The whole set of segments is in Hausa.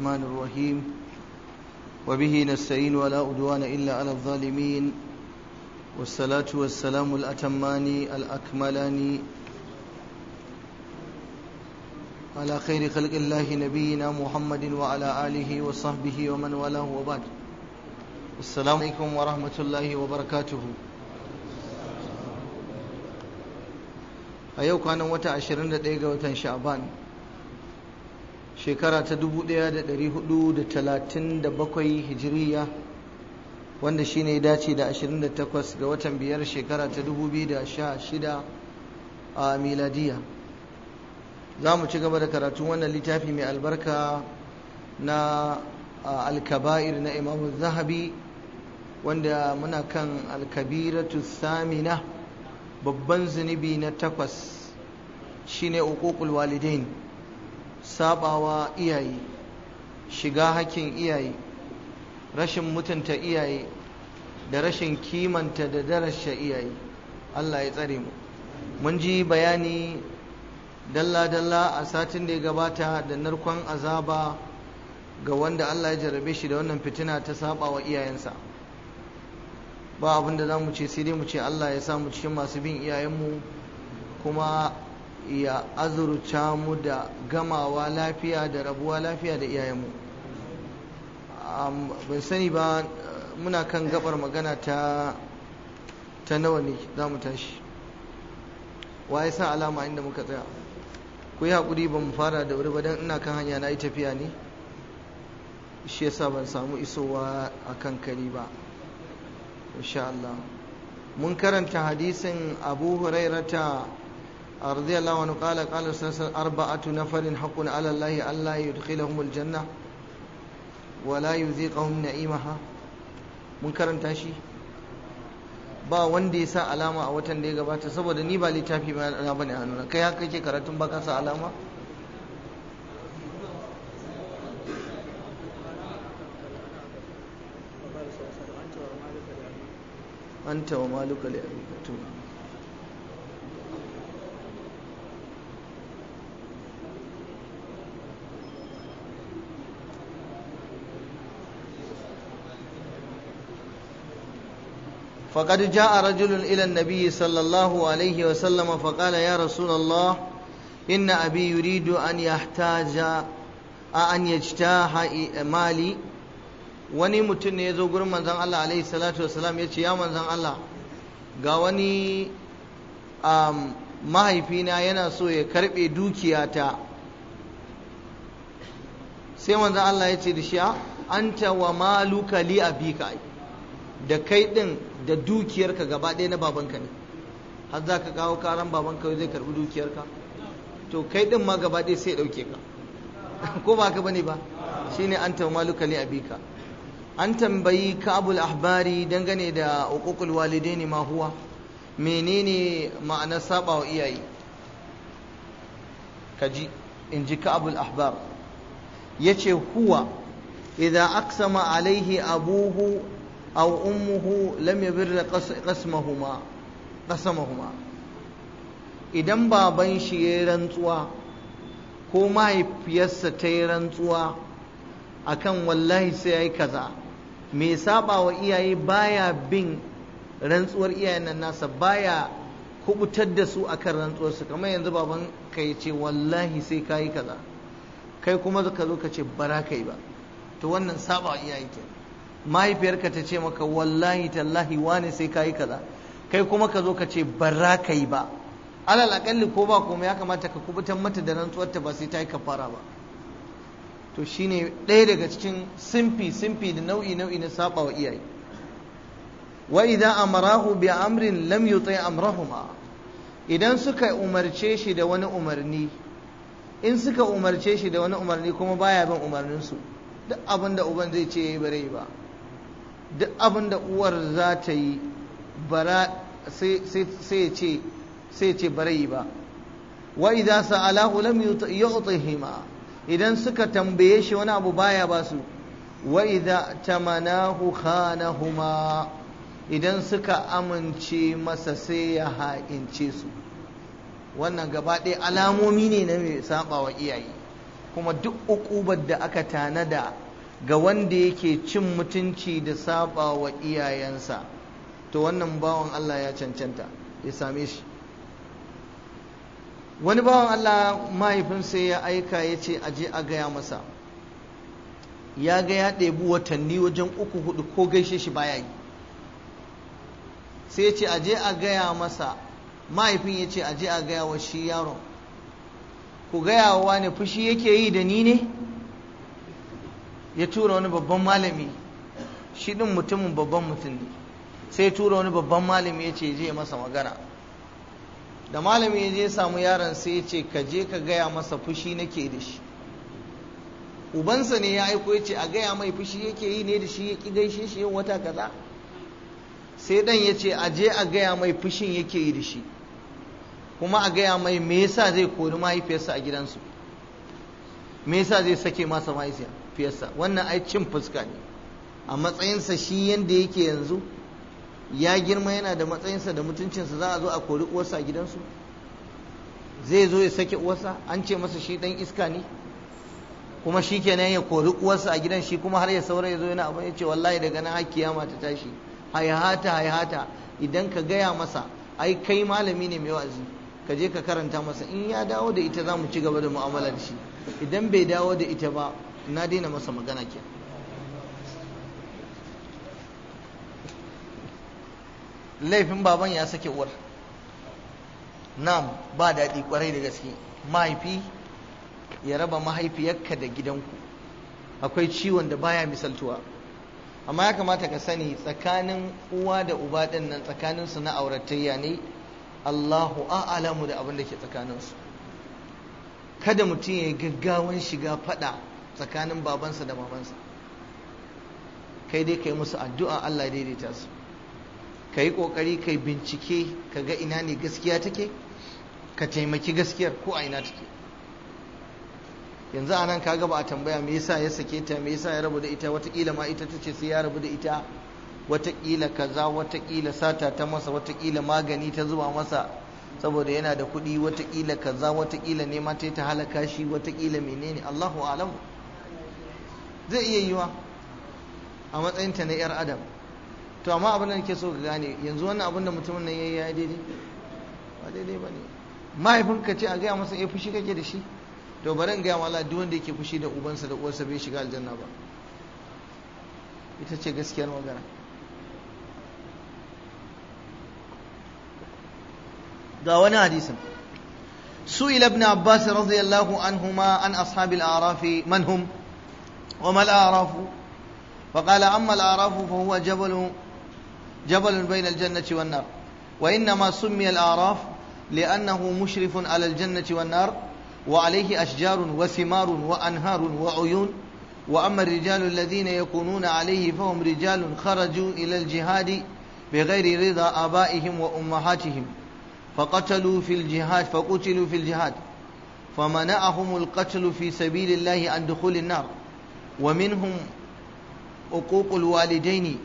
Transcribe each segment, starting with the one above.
الرحمن الرحيم وبه نستعين ولا أدوان إلا على الظالمين والصلاة والسلام الأتمان الأكملان على خير خلق الله نبينا محمد وعلى آله وصحبه ومن والاه وبعد السلام عليكم ورحمة الله وبركاته a yau kwanan wata 21 ga watan sha'ban shekara ta 1437 hijiriya wanda shine ya dace da 28 ga watan biyar shekara ta 2016 a miladiya za mu ci gaba da karatu wannan littafi mai albarka na alkaba'ir na imamu zahabi wanda muna kan alkabiratu samina babban zunubi na takwas shine ne walidain sabawa iyaye shiga hakkin iyaye rashin mutunta iyaye da rashin kimanta da darasha iyaye Allah ya tsare mu mun ji bayani dalla-dalla a satin da ya gabata da narkon azaba ga wanda Allah ya jarrabe shi da wannan fitina ta saba iyayensa ba abinda za mu ce sai dai mu ce Allah ya sa mu cikin masu bin iyayenmu kuma ya azurta mu da gamawa lafiya da rabuwa lafiya da iyayenmu ban sani ba muna kan gabar magana ta ta nawa ne za mu tashi wa ya sa alama inda muka tsaya ku yi haƙuri ba mu fara da wuri ba don ina kan hanya na yi tafiya ne shi sa ban samu isowa a kan kari ba insha Allah mun karanta hadisin abu hurairata رضي الله عنه قال قال رسول أربعة نفر حق على الله ألا يدخلهم الجنة ولا يذيقهم نعيمها منكر تاشي ba wanda ya sa alama a watan da ya gabata saboda ni ba littafi ba na bane a hannuna kai haka ke karatun ba sa alama فقد جاء رجل إلى النبي صلى الله عليه وسلم فقال يا رسول الله إن أبي يريد أن يحتاج أن يجتاح مالي wani mutum ne ya zo gurin manzan Allah alaihi salatu wasalam ya ce ya manzan Allah ga wani mahaifina yana so ya karɓe dukiyata sai manzan Allah ya ce da shi anta wa maluka li abika da kai din da dukiyarka gaba ɗaya na babanka ne har za ka kawo karan babanka zai karbi dukiyarka to kai ɗin ma gaba ɗaya sai ɗauke ka ko ba ka bane ba shine an tamaluka li abika an tambayi kabul ahbari dangane da uququl walidaini ma huwa menene ma'anar saba wa iyaye kaji in ji kabul ahbar yace huwa idza aqsama alaihi abuhu أو أمه لم يبر قسمهما قسمهما idan baban shi ya yi rantsuwa ko mahaifiyarsa ta yi rantsuwa a kan wallahi sai ya yi kaza mai saba wa iyaye baya bin rantsuwar iyayen nasa baya kubutar da su akan rantsuwarsu kamar yanzu baban ka ya ce wallahi sai ka yi kaza kai kuma ka zo ka ce bara ka yi ba to wannan saba wa iyaye kenan mahaifiyarka ta ce maka wallahi tallahi wane sai ka yi kaza kai kuma ka zo ka ce bara ka yi ba alal akalli ko ba kuma ya kamata ka kubutan mata da nan tuwarta ba sai ta yi kafara ba to shine ɗaya daga cikin simfi simfi da nau'i nau'i na saba wa iyaye wa idan amarahu bi amrin lam yuti amrahuma idan suka umarce shi da wani umarni in suka umarce shi da wani umarni kuma baya bin umarnin su duk abinda uban zai ce yayi bare ba duk abin da uwar za ta yi sai ce barai ba wa idza sa'alahu lam yu'tihima idan suka tambaye shi wani abu baya ba su wa idza tamanahu khanahuma idan suka amince masa sai ya ha'ince su wannan gaba ɗaya alamomi ne na mai saba wa iyaye kuma duk ukubar da aka tanada ga wanda yake cin mutunci da saba wa iyayensa to wannan bawan Allah ya cancanta ya same shi wani bawan Allah mahaifinsa ya aika ya ce aje a gaya masa ya ga ya ɗebi watanni wajen uku hudu ko gaishe shi baya yi sai ya ce aje a gaya masa mahaifin ya ce aje a gaya wa shi yaron ku gaya wa ne fushi yake yi da ni ne ya tura wani babban malami shi din mutumin babban mutum ne sai tura wani babban malami ya ce je masa magana da malami ya je samu yaron sai ya ce ka je ka gaya masa fushi nake da shi ubansa ne ya aiko ya ce a gaya mai fushi yake yi ne da shi ya ki gaishe shi yin wata kaza sai dan ya ce a je a gaya mai fushin yake yi da shi kuma a gaya mai me yasa zai kori mahaifiyarsa a gidansu me yasa zai sake masa mahaifiyar. mahaifiyarsa wannan ai cin fuska ne a matsayinsa shi yanda yake yanzu ya girma yana da matsayinsa da mutuncinsa za a zo a kori uwarsa a gidansu zai zo ya sake uwarsa an ce masa shi dan iska ne kuma shi kenan ya kori uwarsa a gidan shi kuma har ya saura ya zo yana abin ya ce wallahi daga nan haki ya ta tashi hayahata hayahata idan ka gaya masa ai kai malami ne mai wa'azi ka je ka karanta masa in ya dawo da ita za mu ci gaba da mu'amalar shi idan bai dawo da ita ba na daina masa magana ke laifin baban ya sake uwar nam ba daɗi kwarai da gaske mahaifi ya raba mahaifiyarka da gidanku akwai ciwon da baya misaltuwa amma ya kamata ka sani tsakanin uwa da uba ɗin nan tsakaninsu na auratayya ne allahu a'alamu da abin da ke tsakaninsu kada mutum ya yi gaggawan shiga faɗa tsakanin babansa da mamansa kai dai ka yi musu addu'a Allah daidaita su ka yi ƙoƙari ka bincike ka ga ina ne gaskiya take ka taimaki gaskiyar ko a ina take yanzu a nan kaga ba a tambaya me yasa ya sake ta me yasa ya rabu da ita watakila ma ita ta ce sai ya rabu da ita watakila kaza watakila sata ta masa watakila magani ta zuba masa saboda yana da kuɗi watakila kaza watakila nema ta ta halaka shi watakila menene Allahu a'lamu zai iya yiwa a matsayinta na 'yar adam to amma abin da nake so ka gane yanzu wannan abin da mutumin nan yayi ya daidai ba daidai ba ne ka ce a gaya masa ya eh, fushi kake da shi to bari in gaya mala duk wanda yake fushi da ubansa da uwarsa bai shiga aljanna ba ita ce gaskiyar magana ga wani hadisin سئل ابن عباس رضي الله عنهما عن أصحاب الأعراف من هم؟ وما الأعراف فقال أما الأعراف فهو جبل جبل بين الجنة والنار وإنما سمي الأعراف لأنه مشرف على الجنة والنار وعليه أشجار وثمار وأنهار وعيون وأما الرجال الذين يكونون عليه فهم رجال خرجوا إلى الجهاد بغير رضا آبائهم وأمهاتهم فقتلوا في الجهاد فقتلوا في الجهاد فمنعهم القتل في سبيل الله عن دخول النار wa minhum uququl walidaini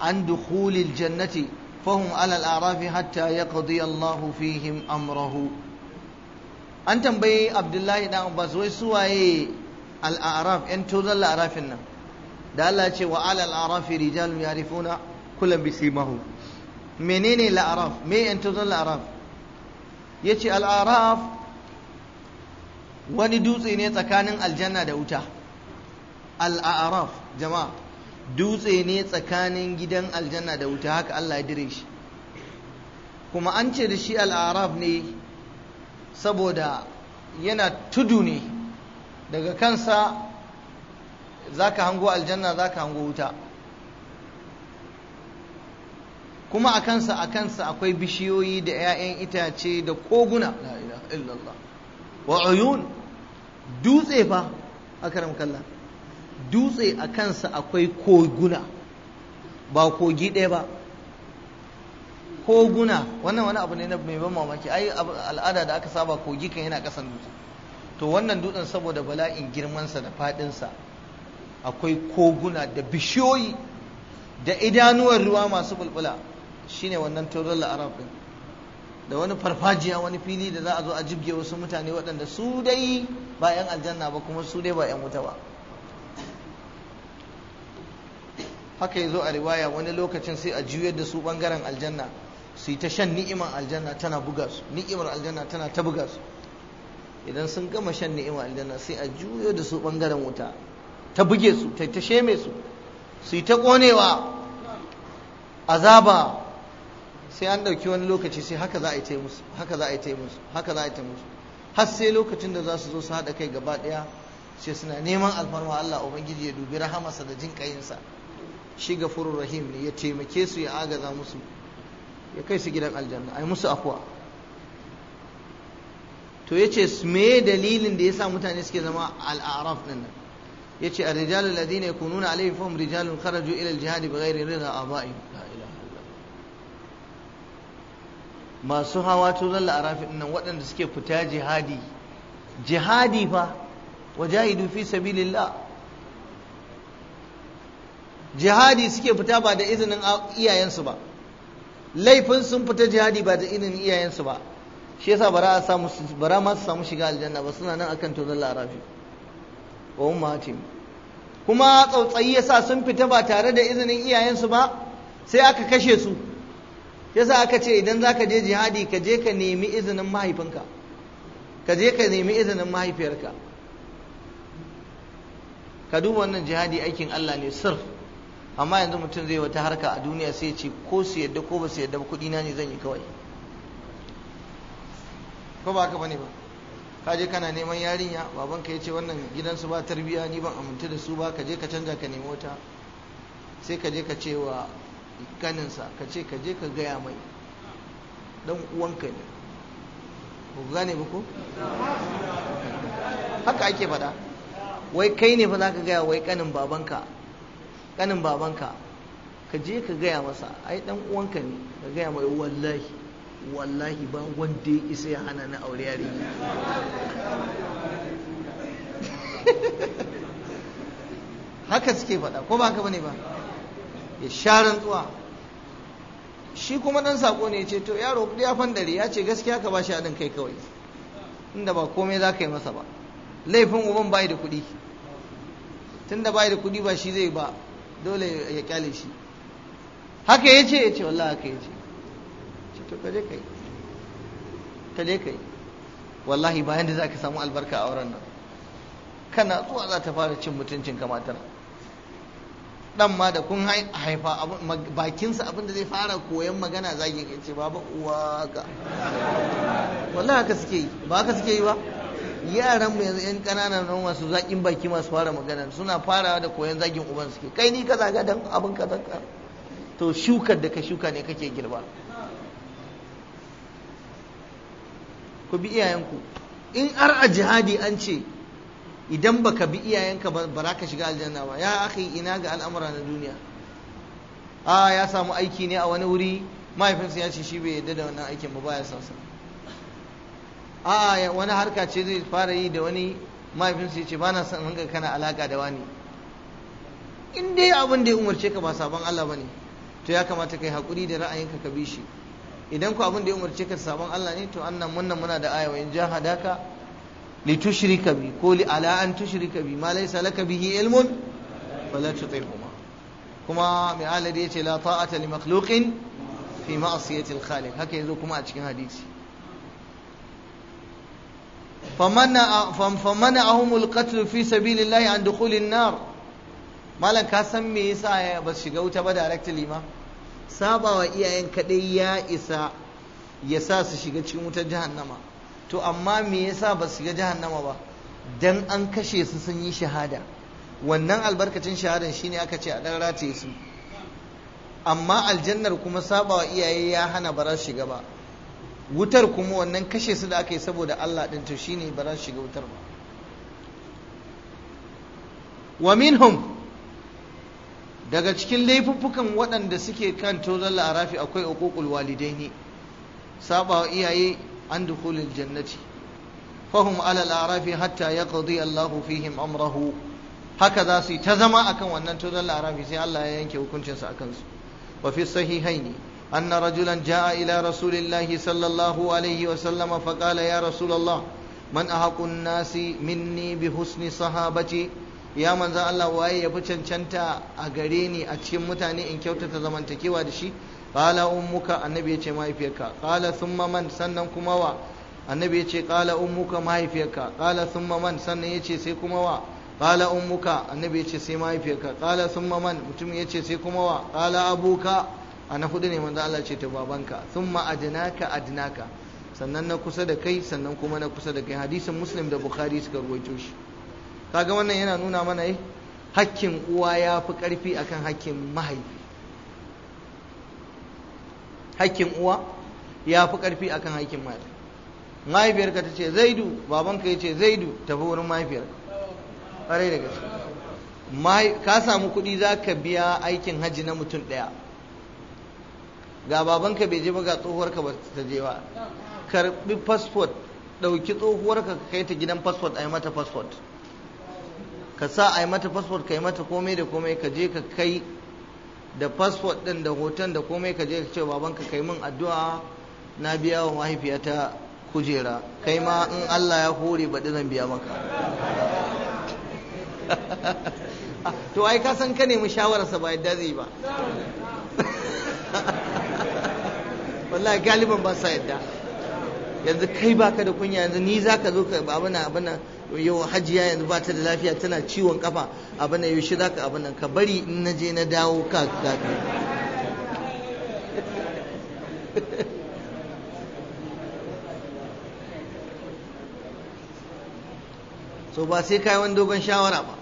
an dukhulil jannati fahum ala al-arafi hatta yaqdi Allahu fihim amrahu an tambayi Abdullahi dan Abbas wai suwaye al-araf yan tozan al-arafin nan da ce wa ala al-arafi rijalun yarifuna kullam yace al wani dutse ne tsakanin aljanna da wuta al jama'a dutse ne tsakanin gidan aljanna da wuta haka Allah ya dire shi kuma an ce da shi al ne saboda yana tudu ne daga kansa zaka hango aljanna zaka hango wuta kuma a kansa a kansa akwai bishiyoyi da 'ya'yan itace da koguna la ilaha illallah wa ayun dutse fa akaram kallah dutse a kansa akwai koguna ba kogi ɗaya ba koguna wannan wani abu ne na mai ban mamaki ai al'ada da aka saba kogi kan yana kasan dutse to wannan dutsen saboda bala'in girmansa da faɗinsa akwai koguna da bishiyoyi da idanuwar ruwa masu bulbula shine wannan turar la'arab ɗin da wani farfajiya wani fili da za a zo a jibge wasu mutane waɗanda su dai ba 'yan aljanna ba kuma su dai ba 'yan wuta ba haka zo a riwaya wani lokacin sai a juyar da su bangaren aljanna su yi ta shan ni'imar aljanna tana buga su ni'imar aljanna tana ta buga su idan sun gama shan ni'imar aljanna sai a juyo da su bangaren wuta ta buge su ta ta sheme su su yi ta konewa azaba sai an ɗauki wani lokaci sai haka za a yi ta musu haka za a yi ta musu haka za a yi ta musu har sai lokacin da za su zo su haɗa kai gaba ɗaya sai suna neman alfarma Allah Ubangiji ya dubi rahamarsa da jin sa. shi gafurur rahim ne ya taimake su ya agaza musu ya kai su gidan aljanna ai musu afuwa to yace me dalilin da yasa mutane suke zama al-a'raf din nan yace ar-rijal alladhina yakununa alayhim fahum rijalun kharaju ila al-jihad bighayri rida aba'ihim la ilaha illallah masu hawa turan al-a'raf waɗanda suke fita jihadi jihadi fa wajahidu fi sabilillah jihadi suke fita ba da izinin iyayensu ba laifin sun fita jihadi ba da izinin iyayensu ba shi yasa bara a samu bara ma su samu shiga aljanna ba suna nan akan tozon larafi wa ummatim kuma tsautsayi yasa sun fita ba tare da izinin iyayensu ba sai aka kashe su yasa aka ce idan zaka je jihadi ka je ka nemi izinin mahaifinka ka je ka nemi izinin mahaifiyarka ka duba wannan jihadi aikin Allah ne sirf amma yanzu mutum zai wata harka a duniya sai ce ko su yadda ko ba su yadda ba kuɗi na ne zan yi kawai ko ba haka bane ba ka je kana neman yarinya babanka ya ce wannan gidansu ba tarbiya ni ban amince da su ba ka je ka canja ka nemi wata sai ka je ka ce wa ganinsa ka ce ka je ka gaya mai dan uwanka ne ku gane ba ko haka ake faɗa wai kai ne fa za ka gaya wai kanin babanka kanin babanka ka je ka gaya masa ai dan uwanka ne ka gaya mai wallahi wallahi ba wanda ya isa ya hana na aure yare haka suke faɗa ko ba haka bane ba ya sha tsuwa shi kuma dan sako ne ya ce to yaro ya fandare ya ce gaskiya ka ba shi haɗin kai kawai inda ba komai za ka yi masa ba laifin uban bai da kuɗi tunda bai da kuɗi ba shi zai ba dole ya kyale shi haka ya ce ya ce wallah haka ya ce to kaje kai kaje kai wallahi bayan da za ka samu albarka a wurin nan kana zuwa za ta fara cin mutuncin kamatar dan ma da kun haifa bakinsa abin da zai fara koyan magana zagin ya ce baba uwa ka wallahi haka suke yi ba haka suke yi ba yaran mu yanzu yan kananan nan masu zakin baki masu fara magana suna farawa da koyon zagin uban suke kai ni kaza ga dan abin kaza ka to shukar da ka shuka ne kake girba ku bi iyayenku in har a jihadi an ce idan baka bi iyayenka ba za ka shiga aljanna ba ya akhi ina ga al'amura na duniya a ah, ya samu aiki ne a wani wuri mahaifinsa ya ce shi bai yarda da wannan aikin ba baya son sa a wani harka ce zai fara yi da wani mahaifinsa ya ce ba na son hanga kana alaka da wani in dai abin da ya umarce ka ba sabon Allah ba ne to ya kamata kai haƙuri da ra'ayinka ka bi shi idan ku abin da ya umarce ka sabon Allah ne to annan munnan muna da aya in hadaka. li tushrika bi ko li ala an tushrika bi ma laysa laka bihi ilmun fala tutihuma kuma mai alade ya la ta'ata li makhluqin fi ma'siyati al-khaliq haka yazo kuma a cikin hadisi famana ahumul qatl fi sabilillahi an dukhulin nar malam ka san me yasa ba shiga wuta ba directly ma sabawa iyayen kadai ya isa ya sa su shiga cikin wutar jahannama to amma me yasa ba su shiga jahannama ba dan an kashe su sun yi shahada wannan albarkacin shahadan shine aka ce a ɗan rataye su amma aljannar kuma sabawa iyaye ya hana ba su shiga ba wutar kuma wannan kashe su da aka yi saboda Allah ɗin to shine ba za su shiga wutar ba wa minhum daga cikin laifuffukan waɗanda suke kan tozon la'arafi akwai uququl walidaini saba wa iyaye an dukulil jannati Fahim ala arafi hatta ya yaqdi Allahu fihim amrahu haka za su yi ta zama akan wannan tozon la'arafi sai Allah ya yanke hukuncinsa akan su wa fi sahihaini أن رجلا جاء إلى رسول الله صلى الله عليه وسلم فقال يا رسول الله من أحق الناس مني بحسن صحابتي ya manzo Allah waye ya fi cancanta a gare ni a cikin mutane in kyautata zamantakewa da shi qala ummuka annabi ya ce mahaifiyarka qala thumma man sannan kuma wa annabi ya ce qala ummuka mahaifiyarka qala thumma man sannan ya ce sai kuma wa qala ummuka annabi ya ce sai mahaifiyarka qala thumma man ya ce sai kuma wa a na hudu ne manzo Allah ce ta babanka thumma adnaka adnaka sannan na kusa da kai sannan kuma na kusa da kai hadisin muslim da bukhari suka ruwaito shi kaga wannan yana nuna mana eh hakkin uwa ya fi karfi akan hakkin mahaifi hakkin uwa ya fi karfi akan hakkin mahaifi mahaifiyarka ta ce zaidu babanka ya ce zaidu tafi wurin mahaifiyarka ƙwarai da gaske ka samu kuɗi za ka biya aikin hajji na mutum ɗaya ga babanka bai je ba ga tsohuwarka ba ta je ba karbi fasfot ɗauki tsohuwarka ka kai ta gidan fasfot a yi mata fasfot. ka sa a yi mata fasfot ka yi mata komai da komai ka je ka kai da fasfot ɗin da hoton da komai ka je ka ce babanka kai min addu'a na biya wa mahaifiyata kujera kai ma in Allah ya hore baɗi zan biya maka to ai ka san ka nemi shawararsa ba yadda zai ba wallahi galiban ba sa yadda yanzu kai baka da kunya yanzu ni zaka zo ka abuna abuna yau hajiya yanzu ba ta da lafiya tana ciwon kafa abuna yau shi zaka abuna ka bari in na je na dawo ka zaka so ba sai kai wani dogon shawara ba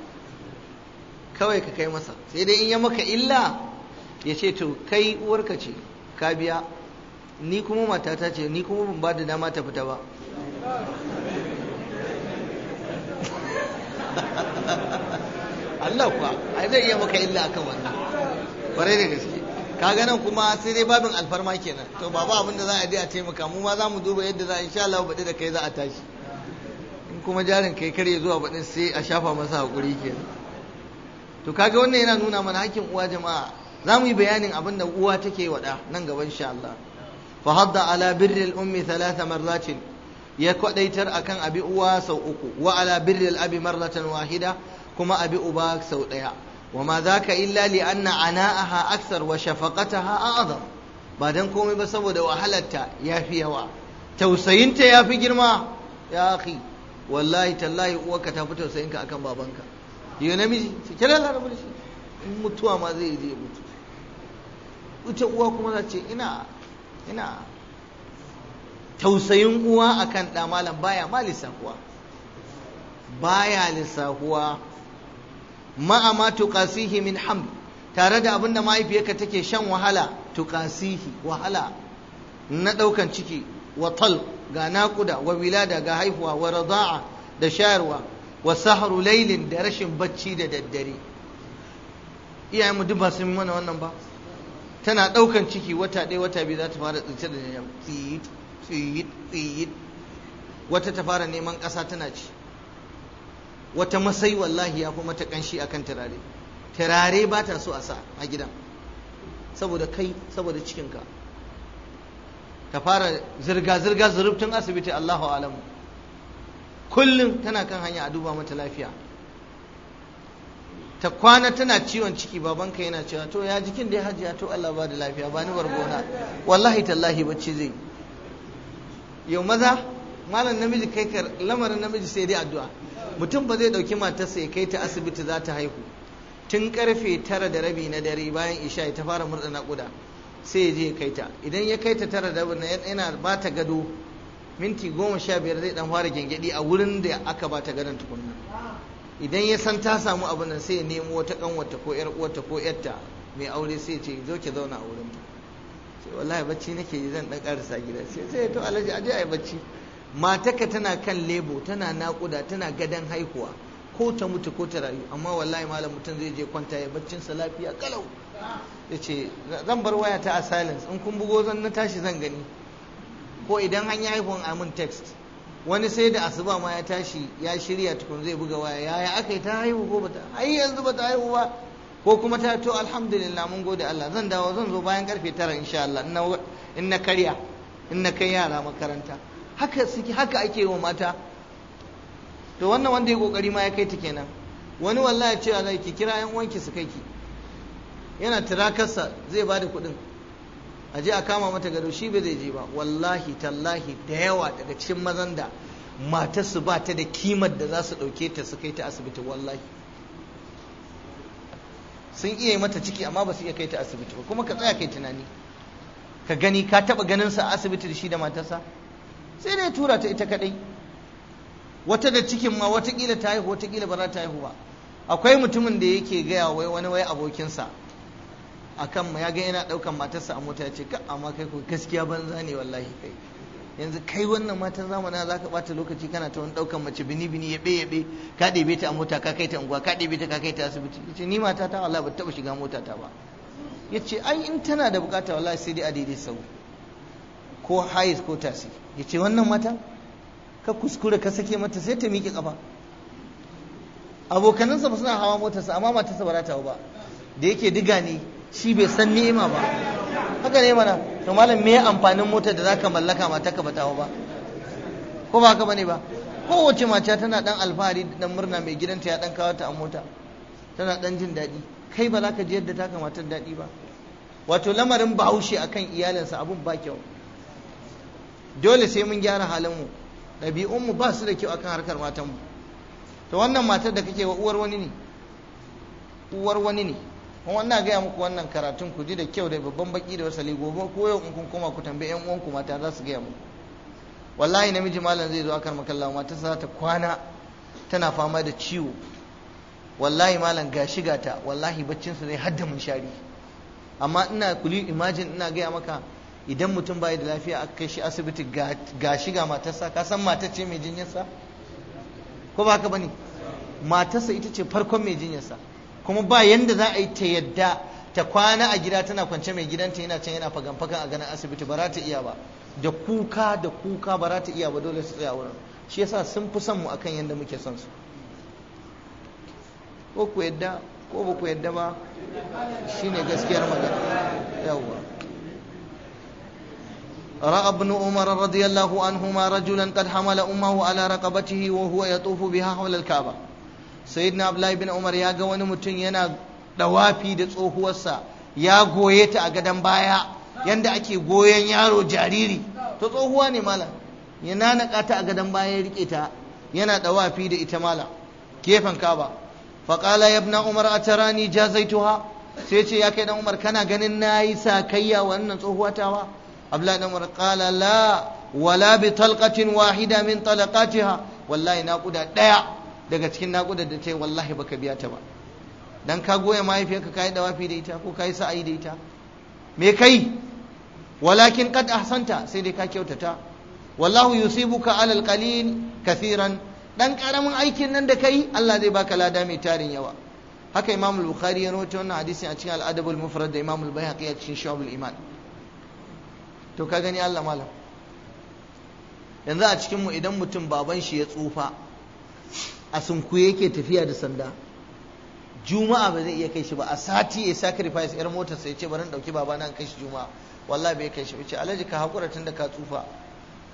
kawai ka kai masa sai dai in ya maka illa ya ce to kai uwarka ce ka biya ni kuma matata ce ni kuma ban ba da dama ta fita ba Allah kuwa ai zai iya maka illa akan wannan kwarai da gaske kaga nan kuma sai dai babin alfarma kenan to ba abin da za a yi a taimaka mu ma za mu duba yadda za a insha Allah baɗi da kai za a tashi in kuma jarin kai kare zuwa baɗin sai a shafa masa hakuri kenan to kaga wannan yana nuna mana hakkin uwa jama'a za mu yi bayanin abin da uwa take waɗa nan gaban insha Allah fa hadda ala birril ummi thalatha marratin ya kwaɗaitar akan abi uwa sau uku wa ala birril abi marratan wahida kuma abi uba sau daya wa ma zaka illa li anna ana'aha aksar wa shafaqataha a'zam ba dan komai ba saboda wahalarta yafi yawa tausayinta yafi girma ya akhi wallahi tallahi uwarka ta fi tausayinka akan babanka yau namiji ce kira da shi mutuwa ma zai mutu uwa kuma ce ina ina tausayin uwa akan da malam baya ma lissafuwa baya lissafuwa ma'ama tuqasihi min hamd tare da abin da mahaifiyarka take shan wahala tuqasihi wahala na ɗaukan ciki wa tal ga naƙuda wa wilada ga haihuwa wa rada'a da shayarwa wa saharu lailin da rashin bacci da daddare iyayenmu duk ba sun mana wannan ba tana ɗaukan ciki wata ɗaya wata biyu za ta fara tsince da janyam tsiyit tsiyit tsiyit wata ta fara neman ƙasa tana ci wata masai wallahi ya fi mata ƙanshi a kan turare turare ba ta so a sa a gidan saboda kai saboda cikinka ta fara zirga-zirga zurubtun asibiti allahu alamu kullum tana kan hanya a duba mata lafiya ta kwana tana ciwon ciki babanka yana cewa to ya jikin dai ya to Allah ba da lafiya ba ni bargona wallahi tallahi bacci zai yau maza malam namiji kai kar lamarin namiji sai dai addu'a mutum ba zai dauki matarsa ya kai ta asibiti za ta haihu tun karfe tara da rabi na dare bayan isha ta fara murda naƙuda sai ya je ya kai ta idan ya kai ta tara da rabi yana ba ta gado minti goma sha biyar zai dan fara gyangyaɗi a wurin da aka ba ta gadon tukunna idan ya san ta samu abu nan sai ya nemo wata kanwata ko yar uwarta ko yarta mai aure sai ce zo ki zauna a wurin mu sai wallahi bacci nake yi zan dan karasa gida sai sai to alaji aje ai bacci mataka tana kan lebo tana nakuda tana gadan haihuwa ko ta mutu ko ta rayu amma wallahi malam mutum zai je kwanta ya baccin sa lafiya kalau yace zan bar waya ta a silence in kun bugo zan na tashi zan gani ko idan an yi haihuwan amin text wani sai da asuba ma ya tashi ya shirya tukun zai buga waya yaya aka yi ta haihu ko bata ai yanzu bata haihu ba ko kuma ta to alhamdulillah mun gode Allah zan dawo zan zo bayan karfe tara insha Allah in na karya in kai yara makaranta haka suke haka ake wa mata to wannan wanda ya kokari ma ya kai ta kenan wani wallahi ce Allah ki kira yan uwanki su kai ki yana tirakarsa zai bada kuɗin a je a kama mata gado shi ba zai je ba wallahi tallahi da yawa daga cikin mazan da matarsu ba ta da kimar da za su ɗauke ta su kai ta asibiti wallahi sun iya mata ciki amma ba su iya kai ta asibiti ba kuma ka tsaya kai tunani ka gani ka taɓa ganin sa asibiti da shi da matarsa sai dai tura ta ita kaɗai wata da cikin ma watakila ta haihu watakila ba za ta haihu ba akwai mutumin da yake gaya wai wani wai abokinsa a kan ya ga yana ɗaukan matarsa a mota ya ce ka amma kai ko gaskiya banza ne wallahi kai yanzu kai wannan matan zamana za ka bata lokaci kana ta wani ɗaukan mace bini bini yaɓe yaɓe ka ɗebe ta a mota ka kai ta unguwa ka ɗebe ta ka kai ta asibiti ya ce ni mata ta wallahi ba taɓa shiga mota ta ba ya ce ai in tana da bukata wallahi sai dai a daidai sau ko hayes ko tasi ya ce wannan mata ka kuskure ka sake mata sai ta miƙe ƙafa abokanansa ba suna hawa motarsa amma matarsa ba za ta hau ba da yake diga ne shi bai san ni'ima ba haka ne mana to malam me amfanin motar da zaka mallaka ma ta kaba tawo ba ko ba haka bane ba kowace mata tana dan alfahari da dan murna mai gidanta ya dan kawo ta a mota tana dan jin daɗi kai ba za ka ji yadda ta matar daɗi ba wato lamarin bahaushe akan iyalinsa abun ba kyau dole sai mun gyara halin halinmu ɗabi'unmu ba su da kyau akan harkar matanmu to wannan matar da kake wa uwar wani ne uwar wani ne kuma na gaya muku wannan karatun ku ji da kyau da babban baki da wasali gobe ko yau in kun koma ku tambayi yan uwanku mata za su gaya muku wallahi namiji malam zai zo akan makalla mata za ta kwana tana fama da ciwo wallahi malam ga shiga ta wallahi baccin su zai hadda mun shari amma ina kuli imagine ina gaya maka idan mutum bai da lafiya aka kai shi asibiti ga shiga matarsa ka san matar ce mai jinyarsa ko ba ka bane matarsa ita ce farkon mai jinyarsa kuma ba yanda za a yi ta yadda ta kwana a gida tana kwance mai gidanta yana can yana fagan fagan a ganin asibiti ba za ta iya ba da kuka da kuka ba za ta iya ba dole su tsaya wurin shi yasa sun fi son mu akan yadda muke son su ko ku yadda ko ba ku yadda ba shine gaskiyar magana yawwa راى ابن عمر رضي الله عنهما رجلا قد حمل أمه على رقبته وهو يطوف بها حول الكعبة sayyidina abdullahi bin umar ya ga wani mutum yana dawafi da tsohuwarsa ya goye ta a gadon baya yanda ake goyon yaro jariri Ta tsohuwa ne malam ya nanaka ta a gadon baya ya rike ta yana dawafi da ita malam gefen kaba Faƙala ya ibn umar atarani jazaituha sai ce ya kai dan umar kana ganin nayi sakayya wannan tsohuwa ba? abdullahi umar qala la wala bi talqatin wahida min talaqatiha wallahi na kuda daya daga cikin naƙudar da ta yi wallahi baka biya ta ba dan ka goya mahaifiyarka ka yi dawafi da ita ko ka yi sa'ayi da ita me kai walakin qad ahsanta sai dai ka kyautata wallahu yusibuka alal qalil kathiran dan karamin aikin nan da kai Allah zai baka lada mai tarin yawa haka Imam Bukhari ya rawaito wannan hadisi a cikin Al-Adab mufrad da Imam Al-Baihaqi a cikin Shu'ab iman to ka gani Allah malam yanzu a cikin mu idan mutum baban shi ya tsufa a sunku yake tafiya da sanda juma'a ba zai iya kai shi ba a sati ya sacrifice yar motar sai ce bari dauki baba na kai shi juma'a wallahi bai kai shi ba ce alhaji ka hakura tun da ka tsufa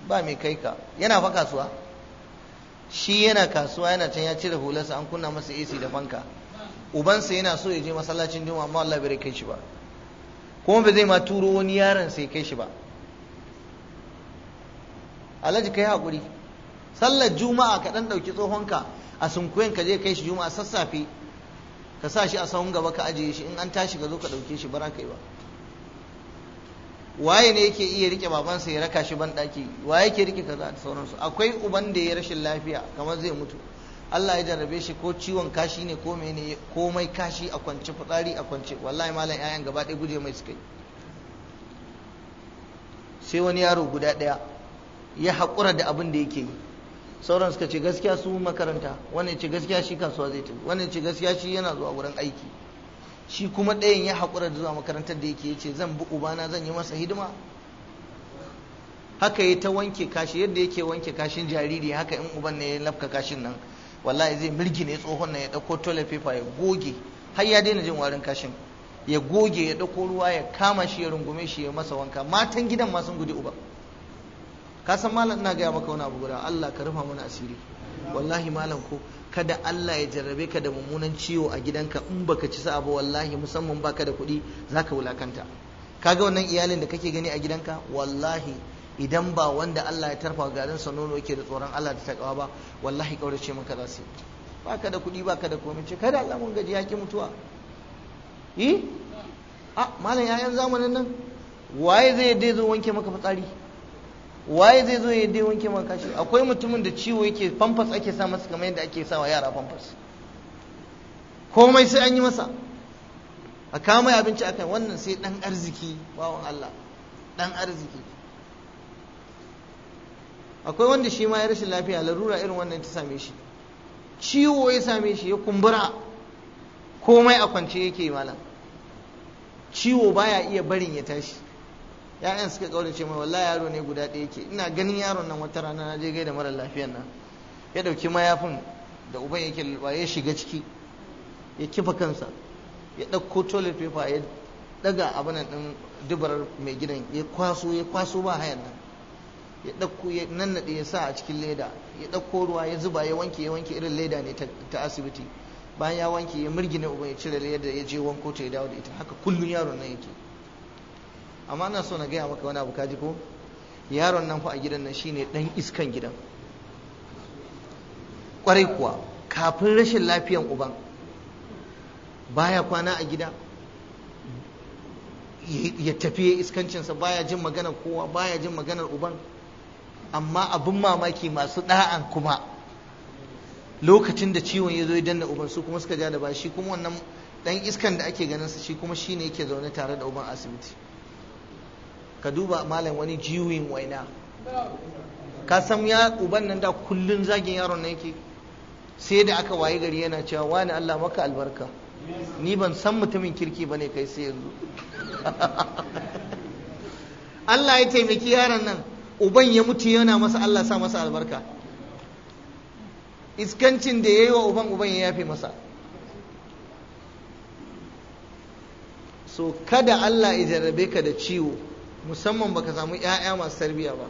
ba mai kai ka yana fa kasuwa shi yana kasuwa yana can ya cire hularsa an kunna masa AC da fanka ubansa yana so ya je masallacin juma'a amma wallahi bai kai shi ba kuma ba zai ma turo wani yaron sai kai shi ba alhaji kai hakuri sallar juma'a ka dan dauki tsohonka a sunkuyen ka je kai shi juma'a sassafe ka sa shi a sahun gaba ka ajiye shi in an tashi ka zo ka ɗauke shi bara kai ba waye ne yake iya rike babansa ya raka shi ban ɗaki waye yake rike kaza da sauransu akwai uban da ya rashin lafiya kamar zai mutu Allah ya jarrabe shi ko ciwon kashi ne ko mene komai kashi a kwance fitsari a kwance wallahi malam ƴaƴan gaba ɗaya guje mai suka yi sai wani yaro guda ɗaya ya haƙura da abin da yake yi sauran suka ce gaskiya su makaranta wani ce gaskiya shi kasuwa zai tafi wani ce gaskiya shi yana zuwa wurin aiki shi kuma ɗayan ya haƙura da zuwa makarantar da yake ce zan bi ubana zan yi masa hidima haka ya ta wanke kashi yadda yake wanke kashin jariri haka in uban ne ya lafka kashin nan wallahi zai ne tsohon na, ya ɗauko toilet paper ya goge har ya daina jin warin kashin ya goge ya ɗauko ruwa ya kama shi ya rungume shi ya masa wanka matan gidan ma sun guji uba ka san malam ina gaya maka wani abu guda Allah ka rufa mana asiri wallahi malam ko kada Allah ya jarrabe ka da mummunan ciwo a gidanka in baka ci sa'a ba wallahi musamman baka da kuɗi zaka wulakanta kaga wannan iyalin da kake gani a gidanka wallahi idan ba wanda Allah ya tarfa garin sa nono yake da tsoron Allah da takawa ba wallahi kaurace maka za su baka da kuɗi baka da komai ce kada Allah mun gaji ya mutuwa eh a ah, malam yayan zamanin nan waye zai dai zo wanke maka fitsari waye zai zo ya dai wanke maka kashi akwai mutumin da ciwo yake famfas ake sa masa kamar yadda ake sa yara famfas komai sai an yi masa a kama abinci a kan wannan sai dan arziki bawan Allah dan arziki akwai wanda shi ma ya rashin lafiya larura irin wannan ta same shi ciwo ya same shi ya kumbura komai a kwance yake malam ciwo baya iya barin ya tashi ya'yan suka kaurace mai wallahi yaro ne guda ɗaya ke ina ganin yaron nan wata rana na je gaida mara lafiyan nan ya ɗauki mayafin da uban yake lulluɓa ya shiga ciki ya kifa kansa ya ɗauko toilet paper ya daga abin ɗin dubarar mai gidan ya kwaso ya kwaso ba hayan nan ya ɗauko ya ya sa a cikin leda ya ɗauko ruwa ya zuba ya wanke ya wanke irin leda ne ta asibiti bayan ya wanke ya mirgina uban ya cire leda ya je wanko ta ya dawo da ita haka kullum yaron nan yake amma ina so na gaya maka wani abu kaji ko yaron nan fa a gidan nan shine dan iskan gidan kwarai kuwa kafin rashin lafiyan uban baya kwana a gida ya tafi ya iskancinsa baya jin maganar kowa baya jin maganar uban amma abin mamaki masu da'an kuma lokacin da ciwon ya zo ya danna uban su kuma suka ja da ba shi kuma wannan dan iskan da ake ganin sa shi kuma shine yake zaune tare da uban asibiti ka duba malam wani jiwin waina ka san ya uban nan da kullun zagin yaron na yake sai da aka wayi gari yana cewa wani Allah maka albarka ni ban san mutumin kirki ba ne kai sai yanzu Allah ya taimaki yaron nan uban ya mutu yana masa Allah sa masa albarka iskancin da ya yi wa uban uban ya yafe masa so kada Allah ya jarrabe ka da ciwo musamman baka samu 'ya'ya masu tarbiyya ba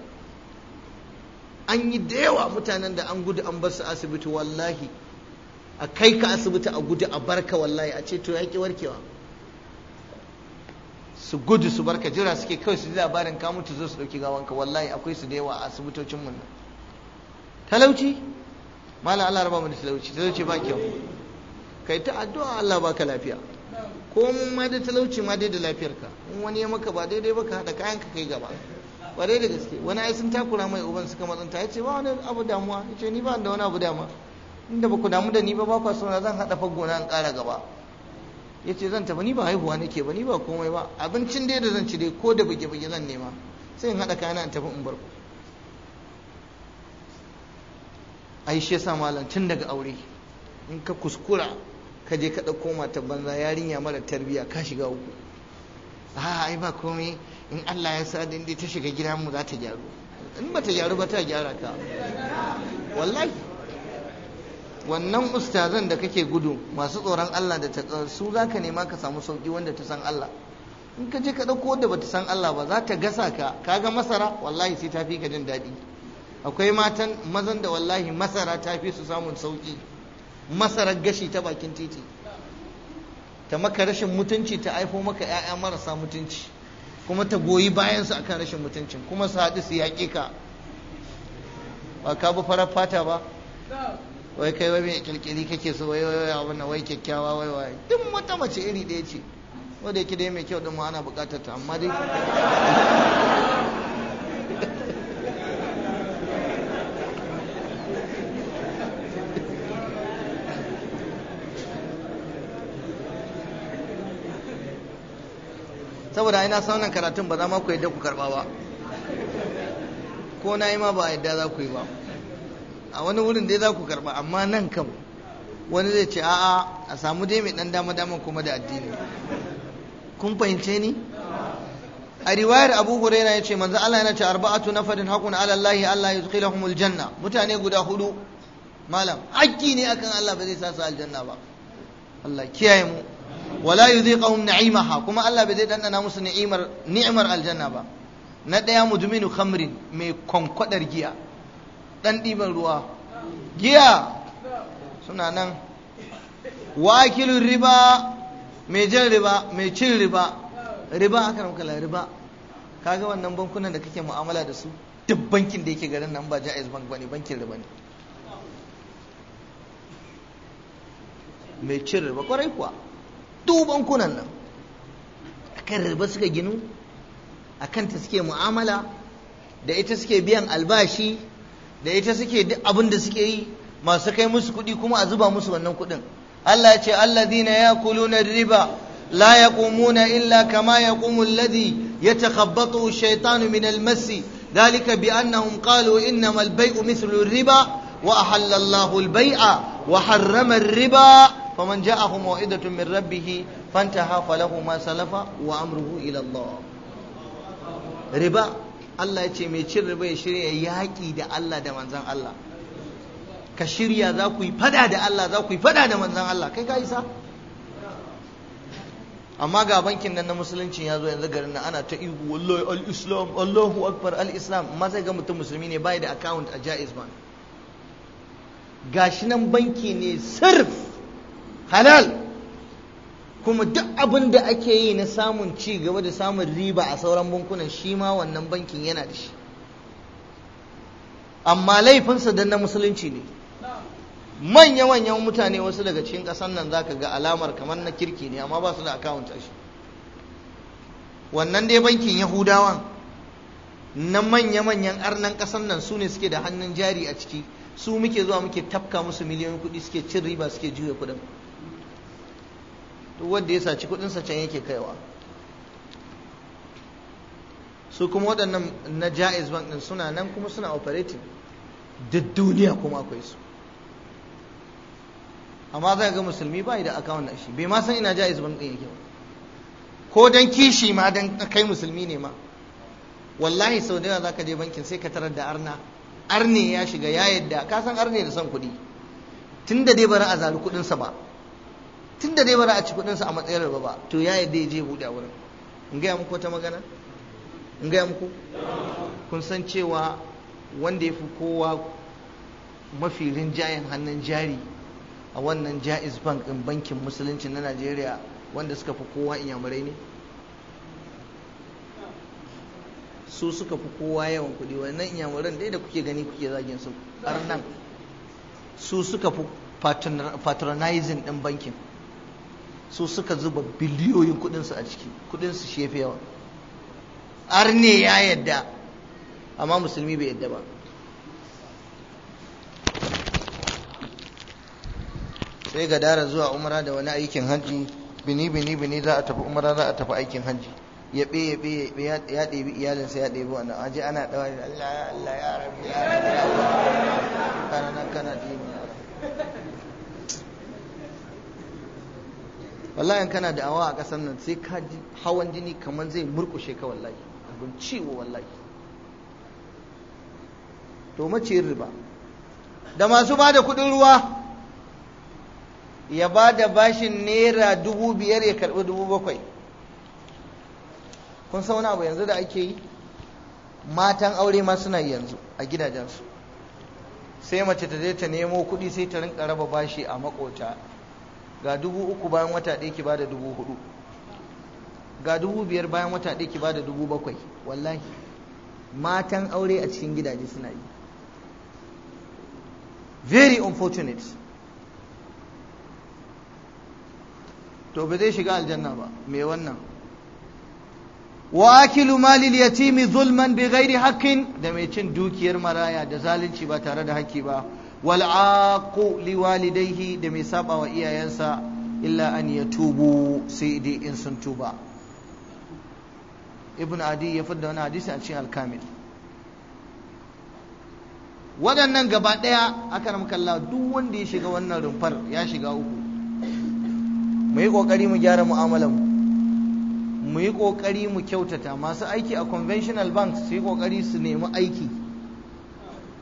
an yi da yawa mutanen da an gudu an basu asibiti wallahi a kai ka asibiti a gudu a barka wallahi a ce to ya ki warkewa su gudu su barka jira suke kawai su ji labarin ka mutu zo su dauki gawanka wallahi akwai su da yawa a asibitocin mun talauci mala Allah ya raba mu da talauci talauci ba kyau kai ta addu'a Allah baka lafiya ko mun ma da talauci ma dai da lafiyarka in wani ya maka ba daidai ba ka haɗa kayan ka kai gaba ba dai da gaske wani ai sun takura mai uban suka matsanta ya ce ba wani abu damuwa ya ce ni ba da wani abu dama inda ba ku damu da ni ba ba ku na zan haɗa fa gona in ƙara gaba ya ce zan tafi ni ba haihuwa nake ba ni ba komai ba abincin dai da zan ci dai ko da buge-buge zan nema sai in haɗa kayana in tafi in bar ku ai shi sa malam tun daga aure in ka kuskura ka je ka ɗauko mata banza yarinya mara tarbiyya ka shiga uku a ai ba komai in Allah ya sa dai ta shiga gida mu za ta gyaru in ba ta gyaru ba ta gyara ka wallahi wannan ustazan da kake gudu masu tsoron Allah da ta su za ka nema ka samu sauki wanda ta san Allah in ka je ka ɗauko wanda ba ta san Allah ba za ta gasa ka kaga masara wallahi sai ta fi ka jin daɗi akwai matan mazan da wallahi masara ta fi su samun sauki masarar gashi ta bakin titi ta maka rashin mutunci ta aifo maka 'ya'ya marasa mutunci kuma ta goyi bayansu akan rashin mutuncin kuma su haɗu su yaƙi ka ba ka bi farar fata ba wai kai wai mai kirkiri kake so wai wai abin wai kyakkyawa wai wai duk wata mace iri ɗaya ce wanda yake dai mai kyau din ma ana buƙatar ta amma dai saboda ina wannan karatun ba za ma ku yadda ku karba ba ko na yi ma ba yadda za ku yi ba a wani wurin dai za ku karba amma nan kam wani zai ce a'a a samu dai mai dan dama dama kuma da addini kun fahimce ni a riwayar abu huraira ya ce manzo Allah yana ce arba'atu nafarin hakun ala Allah Allah yudkhilahumul janna mutane guda hudu malam hakki ne akan Allah ba zai sa su aljanna ba Allah kiyaye mu wala yudhiqahum na'imaha kuma Allah bai zai dandana musu ni'imar ni'imar aljanna ba na daya mudminu khamrin mai kwankwadar giya dan diban ruwa giya suna nan wakilun riba mai jin riba mai cin riba riba aka la riba kaga wannan bankunan da kake mu'amala da su duk bankin da yake garin nan ba jaiz bank bane bankin riba ne mai cin riba kwarai kuwa duk bankunan nan akan riba suka ginu akan ta suke mu'amala da ita suke biyan albashi da ita suke duk abin da suke yi masu kai musu kuɗi kuma a zuba musu wannan kuɗin Allah ya ce allazina yakuluna riba la yaqumuna illa kama yaqumu alladhi yatakhabbathu ash-shaytanu min al-massi dhalika bi annahum qalu innama al-bay'u mithlu riba wa ahalla Allahu al riba faman ja'ahu mau'izatun min rabbih fantaha falahu ma salafa wa amruhu ila Allah riba Allah yace mai cin riba ya shirya yaƙi da Allah da manzon Allah ka shirya za ku yi fada da Allah za ku yi fada da manzon Allah kai ka isa amma ga bankin nan na musulunci ya zo yanzu garin nan ana ta ihu wallahi al-islam Allahu akbar al-islam amma sai ga mutum musulmi ne bai da account a Jaiz Bank gashi nan banki ne sirf halal kuma duk abin da ake yi na samun ci gaba da samun riba a sauran bankunan shi ma wannan bankin yana da shi amma laifinsa don na musulunci ne manya-manyan mutane wasu daga cikin ƙasar nan za ka ga alamar kamar na kirki ne amma ba su da akawunta shi wannan dai bankin yahudawa na manya-manyan arnan ƙasar nan su ne suke da hannun jari a ciki su muke zuwa muke tafka musu miliyoyin kuɗi suke cin riba suke juya kuɗin duk wanda ya saci kudinsa can yake kaiwa su kuma waɗannan na jaiz bank din suna nan kuma suna operating da duniya kuma akwai su amma za ga musulmi bai da account shi bai ma san ina jaiz bank din yake ko dan kishi ma dan kai musulmi ne ma wallahi sau da za ka je bankin sai ka tarar da arna arne ya shiga ya yadda ka san arne da son kuɗi Tunda dai bari a zaru kuɗinsa ba tun da dai ba za a ci kuɗinsa a matsayin ba ba to ya yi ya je buɗe a wurin in gaya muku wata magana in gaya muku kun san cewa wanda ya fi kowa mafi rinjayen hannun jari a wannan jaiz bank in bankin musulunci na najeriya wanda suka fi kowa inyamurai ne su suka fi kowa yawan kuɗi wannan inyamuran dai da kuke gani kuke zagin su nan su suka fi patronizing ɗin bankin su suka zuba biliyoyin kudinsu a ciki kudinsu shi yawa arne ya yadda amma musulmi bai yadda ba sai gadara zuwa umara da wani aikin hajji bini bini bini za a tafi umara za a tafi aikin hajji ya be ya be ya ɗebi iyalinsa ya ɗebi wannan aji ana ɗawa Allah ya Allah ya rabi ya ya kana ya dini wallahi in kana da'awa a ƙasar nan sai ka ji hawan jini kamar zai murkushe ka wallahi abin ciwo wallahi to mace riba da masu ba da kuɗin ruwa ya ba da bashin naira dubu biyar ya karɓi dubu bakwai kun sauna abu yanzu da ake yi matan aure ma suna yi yanzu a gidajensu sai mace ta je ta nemo kuɗi sai ta rinka raba bashi a makota ga dubu uku bayan wata ɗaya ki bada dubu hudu ga dubu biyar bayan wata ɗaya ki bada dubu bakwai wallahi matan aure a cikin gidaje suna yi very unfortunate to ba zai shiga aljanna ba me wannan wa akilu malil yatimi zulman bi ghairi haqqin da mai cin dukiyar maraya da zalunci ba tare da haƙƙi ba wal aqu liwalidayhi da mai saba wa iyayensa illa an yatubu sai dai in sun tuba ibn adi ya fadda wani hadisi a cikin al-kamil waɗannan gaba ɗaya aka kalla duk wanda ya shiga wannan rumfar ya shiga uku mu yi ƙoƙari mu gyara mu'amalar mu yi ƙoƙari mu kyautata masu aiki a conventional banks su yi ƙoƙari su nemi aiki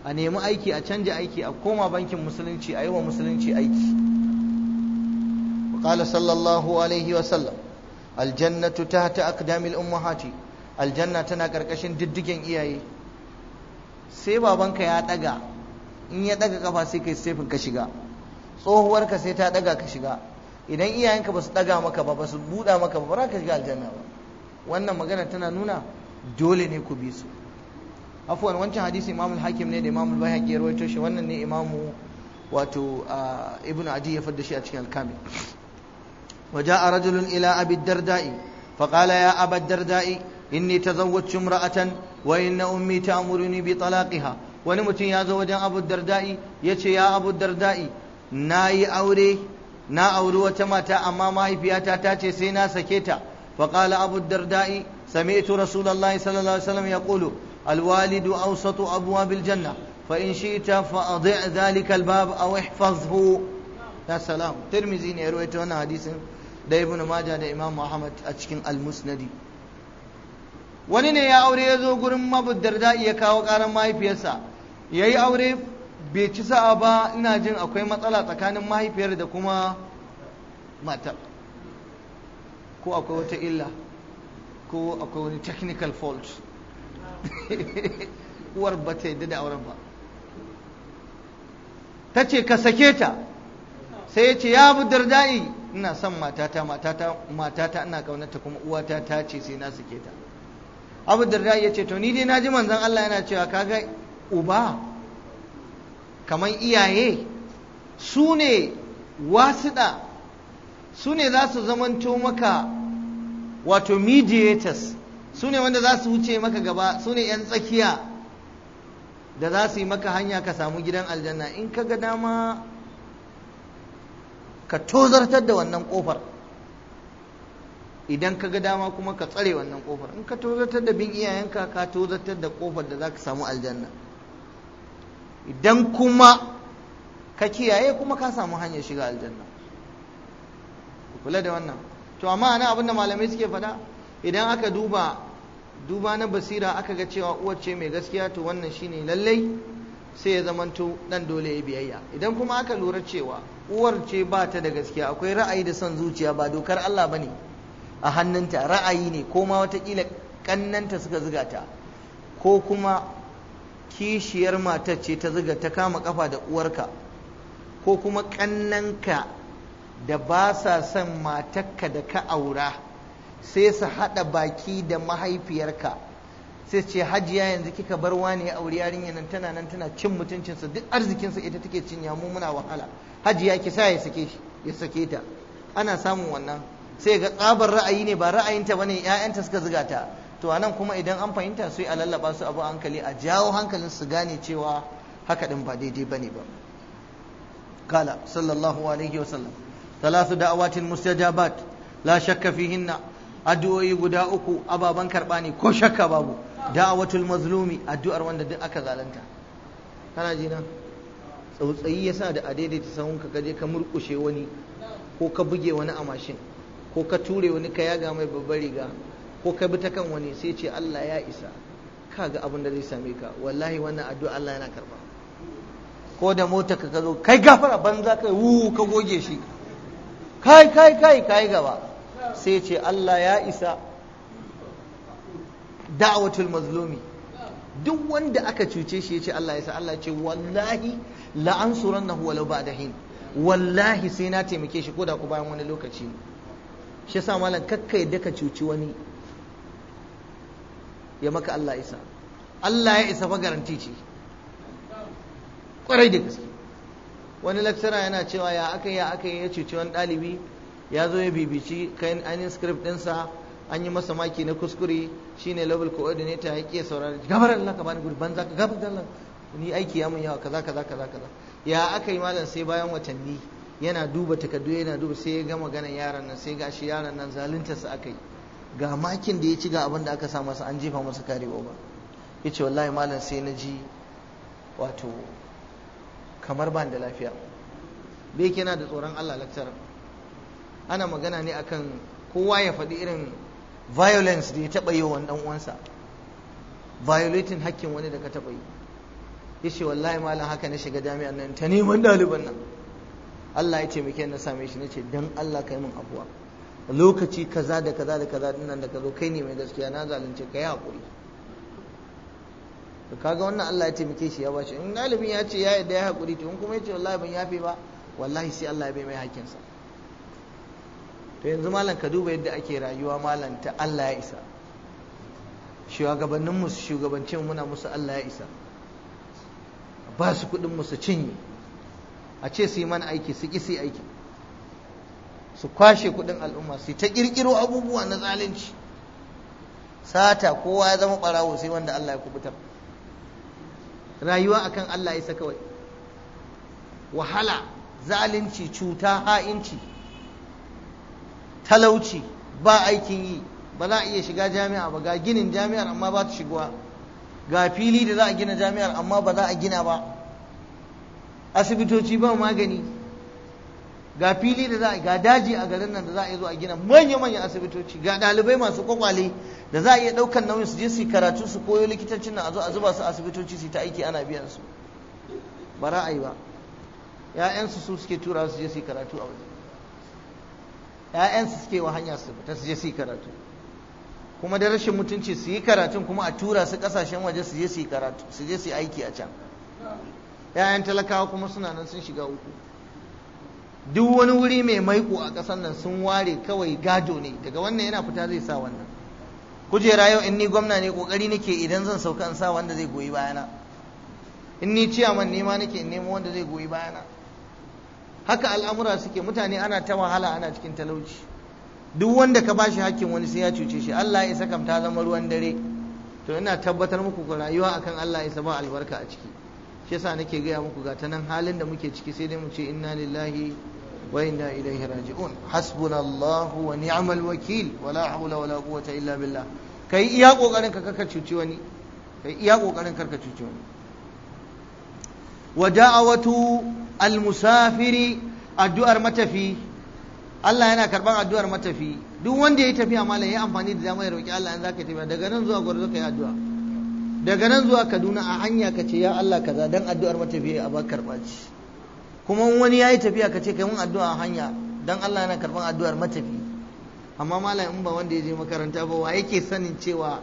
a nemi aiki a canja aiki a koma bankin musulunci a yi wa musulunci aiki قال صلى الله عليه وسلم الجنة تحت أقدام الأمهات Aljanna tana كركشن diddigen iyaye. sai babanka ya daga in ya daga kafa sai kai sefin ka shiga tsohuwarka sai ta daga ka shiga idan iyayenka ba su daga maka ba ba su buɗa maka ba ba za ka shiga aljanna ba wannan magana tana nuna dole ne ku bi su afwan wancan hadisi imam al-hakim ne da imam al-bayhaqi ya rawaito shi wannan ne imam wato ibnu adi ya fadda shi a cikin al-kamil وجاء رجل الى ابي الدرداء فقال يا ابا الدرداء اني تزوجت امراه وان امي تامرني بطلاقها wani mutum ya zo wajen abu dardai ya ce ya abu dardai na yi aure na auri wata mata amma mahaifiyata ta ce sai na sake ta faƙala abu dardai sami ito rasulallah ya ƙulu Alwalidu, أوسط أبواب الجنة فإن شئت فأضع ذلك الباب أو احفظه يا سلام ترمزي ne ya ruwaito wannan hadisin da ibn da Imam Muhammad a cikin Al-Musnadi wani ne ya aure ya zo gurin Abu Darda ya kawo karan mahaifiyarsa yayi aure bai ci sa'a ba ina jin akwai matsala tsakanin mahaifiyar da kuma matar ko akwai wata illa ko akwai wani technical fault uwar ba ta yadda da auren ba ta ce ka sake ta sai ya ce ya bu dardai ina son matata matata matata ina kaunarta kuma uwata ta ce sai na sake ta abu dardai ya ce to ni dai na ji manzon Allah yana cewa kaga uba kamar iyaye su ne wasuɗa su ne za su zamanto maka wato mediators su ne wanda za su wuce maka gaba su ne 'yan tsakiya da za su yi maka hanya ka samu gidan aljanna in ka ga dama ka tozartar da wannan kofar idan ka ga dama kuma ka tsare wannan kofar in ka tozartar da bin iyayenka ka tozartar da kofar da za ka samu aljanna idan kuma ka kiyaye kuma ka samu hanyar shiga aljanna kula da wannan to amma ana abinda malamai suke faɗa idan aka duba duba na basira aka ga cewa uwar ce mai gaskiya to wannan shine lallai sai ya zamanto dan dole ya biyayya idan kuma aka lura cewa uwar ce ba ta da gaskiya akwai ra'ayi da son zuciya ba dokar Allah bane a hannunta ra'ayi ne ko ma watakila kannanta suka zuga ta ko kuma kishiyar matar ce ta zuga ta kama kafa da uwarka ko kuma kannanka da ba sa son matarka da ka aura sai su haɗa baki da mahaifiyarka sai ce hajiya yanzu kika bar wani aure yarinya nan tana nan tana cin mutuncinsa duk arzikinsa ita take cinya mu muna wahala hajiya ki sa ya sake shi ya sake ta ana samun wannan sai ga tsabar ra'ayi ne ba ra'ayinta bane ƴaƴanta suka zuga ta to anan kuma idan an fahimta sai a lallaba su abu hankali a jawo hankalin su gane cewa haka din ba daidai bane ba kala sallallahu alaihi wasallam ثلاث دعوات مستجابات لا شك فيهن addu'o'i guda uku ababen karba ne ko shakka babu da'awatul mazlumi addu'ar wanda duk aka zalanta kana ji na tsautsayi yasa da adaidaita sahun ka kaje ka murƙushe wani ko ka buge wani a mashin ko ka ture wani ka yaga mai babbar riga ko ka bi ta kan wani sai ce Allah ya isa kaga abin da zai same ka wallahi wannan addu'a Allah yana karba ko da mota ka zo kai gafara banza kai wu ka goge shi kai kai kai kai gaba sai ce Allah ya isa da'watul mazlumi duk wanda aka cuce shi ya ce Allah ya isa Allah ya ce wallahi la'ansurannahu walau ba'da hin wallahi sai na taimake shi koda ku bayan wani lokaci shi yasa malam kakka yadda ka cuci wani ya maka Allah isa Allah ya isa fa garanti ce kwarai da gaske wani lakcara yana cewa ya aka yi ya aka yi ya cuci wani ɗalibi ya zo ya bibici kayan ainihin script ɗinsa an yi masa maki na kuskure shine level coordinator ya ke saurari gabar Allah ka bani gurban za ka gabar Allah ni aiki ya mun yawa kaza kaza kaza kaza ya aka yi malam sai bayan watanni yana duba takaddu yana duba sai ya ga maganar yaran nan sai gashi yaran nan zalunta su aka yi ga makin da ya ci ga abin da aka sa masa an jefa masa kare ba ya ce wallahi malam sai na ji wato kamar ban da lafiya bai yana da tsoron Allah lakcarar ana magana ne akan kowa ya faɗi irin violence da ya taɓa yi wa ɗan uwansa violating hakkin wani da ka taɓa yi ya ce wallahi malam haka na shiga jami'an nan ta neman ɗaliban nan Allah ya taimake na same shi na ce don Allah ka yi min afuwa lokaci kaza da kaza da kaza dinnan da ka zo kai ne mai gaskiya na zalunce ka yi hakuri. to kaga wannan Allah ya taimake shi ya bashi in ɗalibin ya ce ya yadda ya hakuri, to in kuma ya ce wallahi ban yafe ba wallahi sai Allah ya bai mai sa to yanzu malam ka duba yadda ake rayuwa malam ta Allah ya isa shugabannin musu shugabancin muna musu Allah ya isa ba su kudin musu cinye a ce su yi mana aiki su ƙi su aiki su kwashe kudin al'umma su ta ƙirƙiro abubuwa na zalunci sata kowa ya zama ɓarawo sai wanda Allah ya kubutar rayuwa akan Allah ya isa kawai wahala zalunci cuta ha'inci talauci ba aikin yi ba za a iya shiga jami'a ba ga ginin jami'ar amma ba ta shigowa ga fili da za a gina jami'ar amma ba za a gina ba asibitoci ba magani ga fili da za a ga daji a garin nan da za a zo a gina manya-manyan asibitoci ga ɗalibai masu kwakwale da za a iya ɗaukan nauyin su je su karatu su koyo likitancin nan a zo a zuba su asibitoci su ta aiki ana biyan su ba ra'ayi ba 'ya'yansu su suke tura su je su karatu a waje 'ya'yansu suke wa hanya su fita su je su yi karatu kuma da rashin mutunci su yi karatun kuma a tura su kasashen waje su je su yi karatu su je su yi aiki a can 'ya'yan talakawa kuma suna nan sun shiga uku duk wani wuri mai maiko a ƙasar nan sun ware kawai gado ne daga wannan yana fita zai sa wannan kujera yau in ni gwamna ne kokari nake idan zan sauka in sa wanda zai goyi bayana in ni ciyaman nema nake in nemo wanda zai goyi bayana haka al'amura suke mutane ana ta wahala ana cikin talauci duk wanda ka bashi hakkin wani sai ya cuce shi Allah ya saka ta zama ruwan dare to ina tabbatar muku ku rayuwa akan Allah ya saba albarka a ciki shi yasa nake gaya muku ga ta nan halin da muke ciki sai dai mu ce inna lillahi wa inna ilaihi raji'un hasbunallahu wa ni'mal wakil wala hawla wala quwwata illa billah kai iya kokarin ka kaka cuci wani kai iya kokarin karka cuci wani wa da'awatu almusafiri addu'ar matafi Allah yana karban addu'ar matafi duk wanda ya yi tafiya malam ya amfani da dama ya roki Allah in zaka tafiya daga nan zuwa gwarzo ka yi addu'a daga nan zuwa Kaduna a hanya ka ce ya Allah kaza dan addu'ar matafi a ba karba ci kuma wani ya yi tafiya ka ce kai mun addu'a a hanya dan Allah yana karban addu'ar matafi amma malam in ba wanda ya je makaranta ba wa yake sanin cewa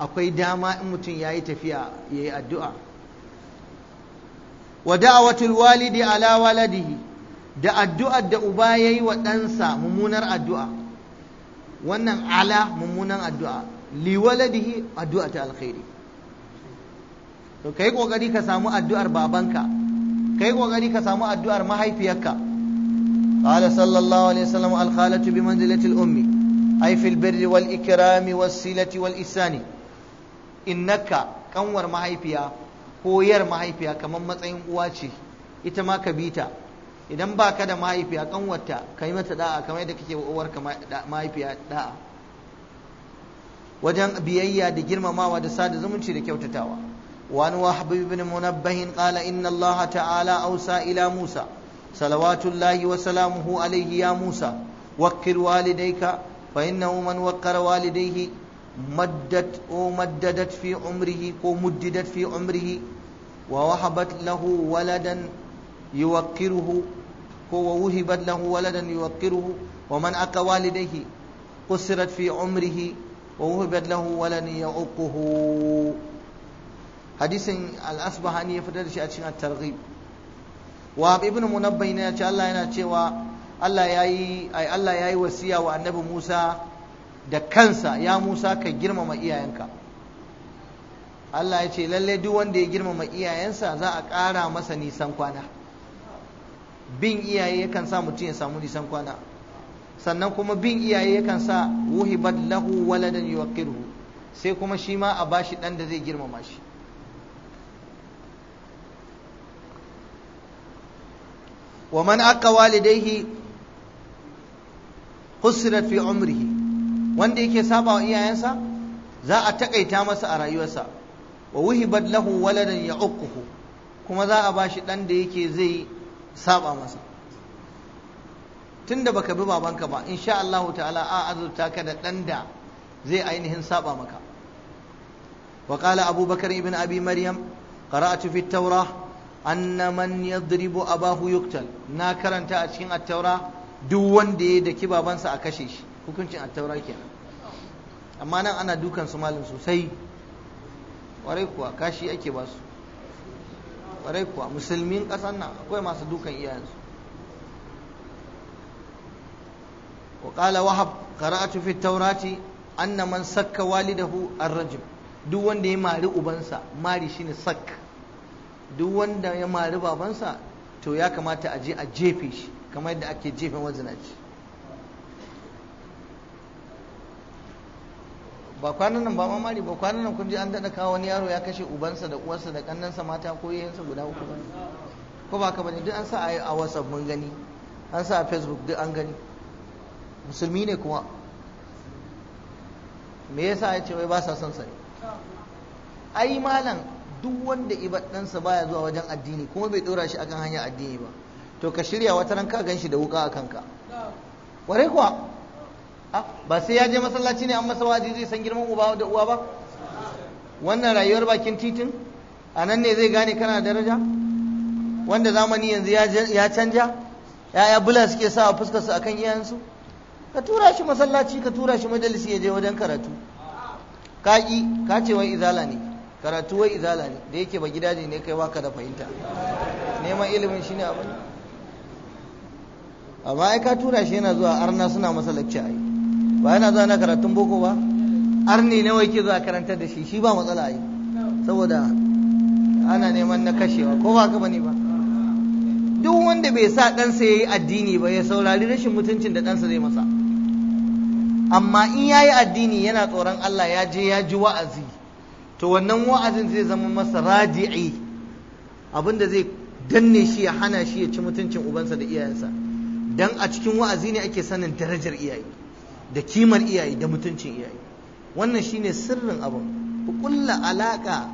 akwai dama in mutum ya yi tafiya ya yi addu'a wa da'awatul walidi ala waladihi da addu'ar da uba yayi wa ɗansa mummunar addu'a wannan ala mummunan addu'a li waladihi addu'a ta alkhairi to kai kokari ka samu addu'ar babanka kai kokari ka samu addu'ar mahaifiyarka قال صلى الله عليه وسلم الخالة بمنزلة الأم أي في البر والإكرام والصلة والإحسان إنك كنور mahaifiyar. koyar mahaifiya kamar matsayin uwa ce ita ma ka bita idan ba ka da mahaifiya kanwarta ka yi mata da'a kamar yadda kake uwar ka mahaifiya da'a wajen biyayya da girmamawa da sada zumunci da kyautatawa wani wa habib ibn munabbahin qala inna allaha ta'ala awsa ila musa salawatullahi wa salamuhu alayhi ya musa wakkil walidayka fa innahu man wakkara walidayhi مدت أو مددت في عمره أو مددت في عمره ووهبت له ولدا يوقره ووهبت له ولدا يوقره ومن أكى والديه قصرت في عمره ووهبت له ولدا يعقه حديث الأصبهاني يفتر شيء الترغيب وهب ابن منبه يا الله يا الله يا الله يا وصية وأنبي موسى da kansa ya Musa ka girmama iyayenka Allah ya ce lalle duk wanda ya girmama iyayensa za a ƙara masa nisan kwana bin iyaye yakan sa mutum ya samu nisan kwana sannan kuma bin iyaye yakan sa wuhibat lahu waladan yuwaqqiruhu sai kuma shi ma a bashi dan da zai girmama shi wa man aqqa walidayhi husrat fi umrihi wanda yake saba wa iyayensa za a takaita masa a rayuwarsa wa wuhibat lahu waladan ya'uquhu kuma za a bashi dan da yake zai saba masa tunda baka bi babanka ba insha Allah ta'ala a azurta ka da dan da zai ainihin saba maka wa qala abubakar ibn abi maryam qara'atu fi at anna man yadribu abahu yuqtal na karanta a cikin at-taura duk wanda ya daki babansa a kashe shi hukuncin attaura kenan amma nan ana dukan su sosai warai kuwa kashi ake ba su warai kuwa musulmin ƙasar nan akwai masu dukan iyayensu وقال وهب قرأت في sakka wali da hu an الرجم duk wanda ya mari ubansa mari shine sak duk wanda ya mari babansa to ya kamata a je a jefe shi kamar yadda ake jefen mazinaci ba kwanan nan ba mamari ba kwanan nan kun ji an daɗa kawo wani yaro ya kashe ubansa da uwarsa da ƙannansa mata ko yayansa guda uku ba ko ba ka bane duk an sa a a whatsapp mun gani an sa a facebook duk an gani musulmi ne kuma me yasa ya ce wai ba sa son sa ne ai malam duk wanda ibar ɗansa baya zuwa wajen addini kuma bai ɗora shi akan hanyar addini ba to ka shirya wata ran ka gan shi da wuka a kanka ware kuwa ba sai ya je masallaci ne an masa wazi zai san girman uba da uwa ba wannan rayuwar bakin titin a nan ne zai gane kana daraja wanda zamani yanzu ya canja ya'ya bula suke sa a fuskarsu akan iyayensu ka tura shi masallaci ka tura shi majalisi ya je wajen karatu ka ki ka ce wai izala ne karatu wai izala ne da yake ba gidaje ne kai baka da fahimta neman ilimin shine abin amma ai ka tura shi yana zuwa arna suna masa lakci ai ba yana zuwa na karatun boko ba arni nawa yake zuwa karantar da shi shi ba matsala yi saboda ana neman na kashewa ko ba ka bane ba duk wanda bai sa ɗansa ya yi addini ba ya saurari rashin mutuncin da ɗansa zai masa amma in ya yi addini yana tsoron Allah ya je ya ji wa'azi to wannan wa'azin zai zama masa radi'i abinda zai danne shi ya hana shi ya ci mutuncin ubansa da iyayensa dan a cikin wa'azi ne ake sanin darajar iyaye da kimar iyaye da mutuncin iyaye wannan shine sirrin abin ku kulla alaka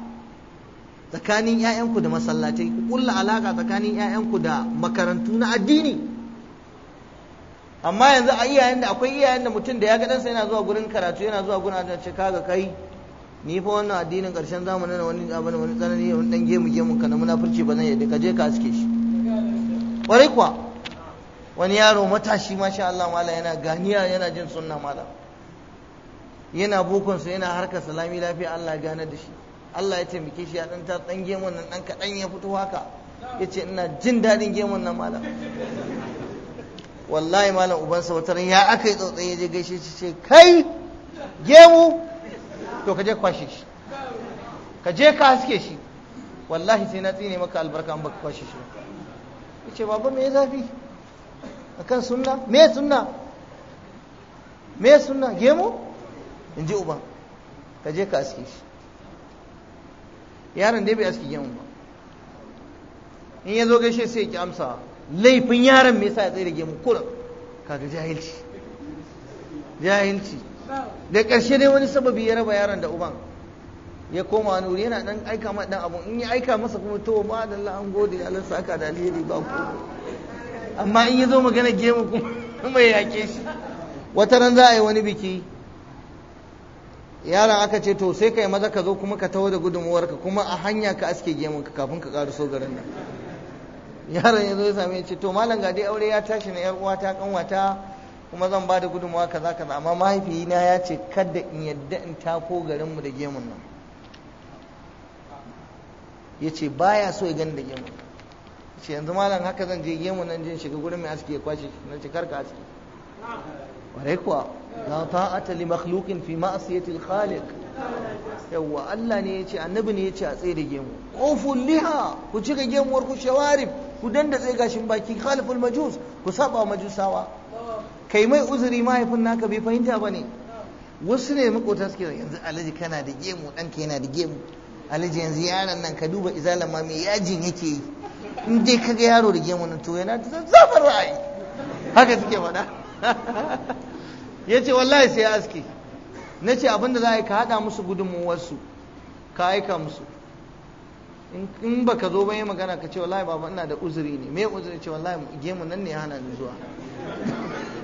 tsakanin 'ya'yanku da masallatai ku kulla alaka tsakanin 'ya'yanku da makarantu na addini amma yanzu a iyayen da akwai iyayen da mutum da ya ga ɗansa yana zuwa gurin karatu yana zuwa gurin ajiyar ce kaga kai ni fa wannan addinin ƙarshen zamanin wani abin wani tsanani wani dan gemu gemu na munafurci ba zan yadda ka je ka aske shi ƙwarai kuwa wani yaro matashi masha Allah mala yana ganiya yana jin sunna mala yana su yana harka salami lafiya Allah gane da shi Allah ya taimake shi ya dan ta dan gemun nan dan kadan ya fito haka yace ina jin dadin gemun nan mala wallahi malam sa wata ran ya aka yi ya je gaishe shi ce kai gemu to ka je kwashe shi ka je ka haske shi wallahi sai na tsine maka albarka an baka kwashe shi yace baba me zafi akan sunna me sunna me sunna gemu in ji uban ka je ka aske shi yaron dai bai aske gemu ba in ya zo gaishe sai ya ki amsa laifin yaron me yasa ya tsaye da gemu kullum kaga jahilci jahilci da ƙarshe dai wani sababi ya raba yaron da uban ya koma wani wuri yana dan aika ma dan abu in ya aika masa kuma to ma da Allah an gode Allah saka da alheri ba ku amma in yi zo magana gemu kuma ya yake shi wata ran za a yi wani biki yaron aka ce to sai kai maza ka zo kuma ka taho da ka kuma a hanya ka aske gemun ka kafin ka karu so garin nan yaron ya zo ya same ce to malam ga aure ya tashi na yar uwata kanwata kuma zan ba da gudunmuwa kaza kaza amma mahaifina ya ce kada in yadda in tako mu da gemun nan yace baya so ya gani da gemun ce yanzu malam haka zan je gemu nan jin shiga gurin mai aski ya kwashe na ce karka aski warai kuwa la ta'ata li makhluqin fi ma'siyati al-khaliq yawa Allah ne yace annabi ne yace a tsaye da gemu quful liha ku cika gemuwar ku shawarif ku danda tsaye gashin baki khaliful majus ku saba majusawa kai mai uzuri mahaifin naka bai fahimta bane wasu ne makota suke yanzu alaji kana da gemu ɗanka yana da gemu alaji yanzu yaron nan ka duba izalan ma me yajin yake yi in dai kaga yaro da gemu nan to yana da zafin ra'ayi haka suke faɗa ya ce wallahi sai aski na ce abinda za a yi ka haɗa musu gudunmuwarsu ka aika musu in ba ka zo ba yi magana ka ce wallahi baba ina da uzuri ne me uzuri ce wallahi gemu nan ne ya hana ni zuwa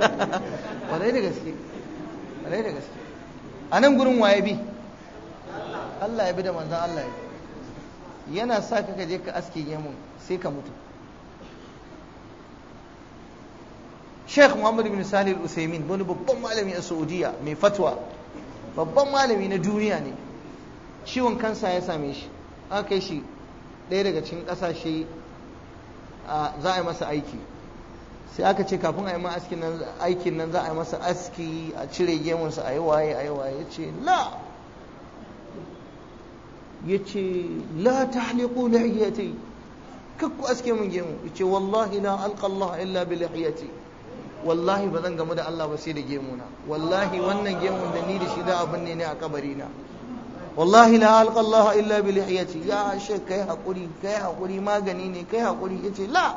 wallahi da gaske wallahi da gaske a nan gurin waye bi Allah ya bi da manzan Allah ya bi yana sa ka je ka aske gemun sai ka mutu Sheikh Muhammad bin Salih Al-Usaimin wani babban malami a Saudiya mai fatwa babban malami na duniya ne ciwon kansa ya same shi aka kai shi ɗaya daga cikin ƙasashe za a yi masa aiki sai aka ce kafin a yi aikin nan za a yi masa aski a cire gemunsa a yi waye a yi waye ya ce la yace la tahliqu lihiyati kakku aske mun gemu ce wallahi na alqa Allah illa bi lihiyati wallahi ba zan gamu da Allah ba sai da gemu na wallahi wannan gemu da ni da shi da abin ne a kabari na wallahi la alqa Allah illa bi lihiyati ya she kai hakuri kai hakuri magani ne kai hakuri ce la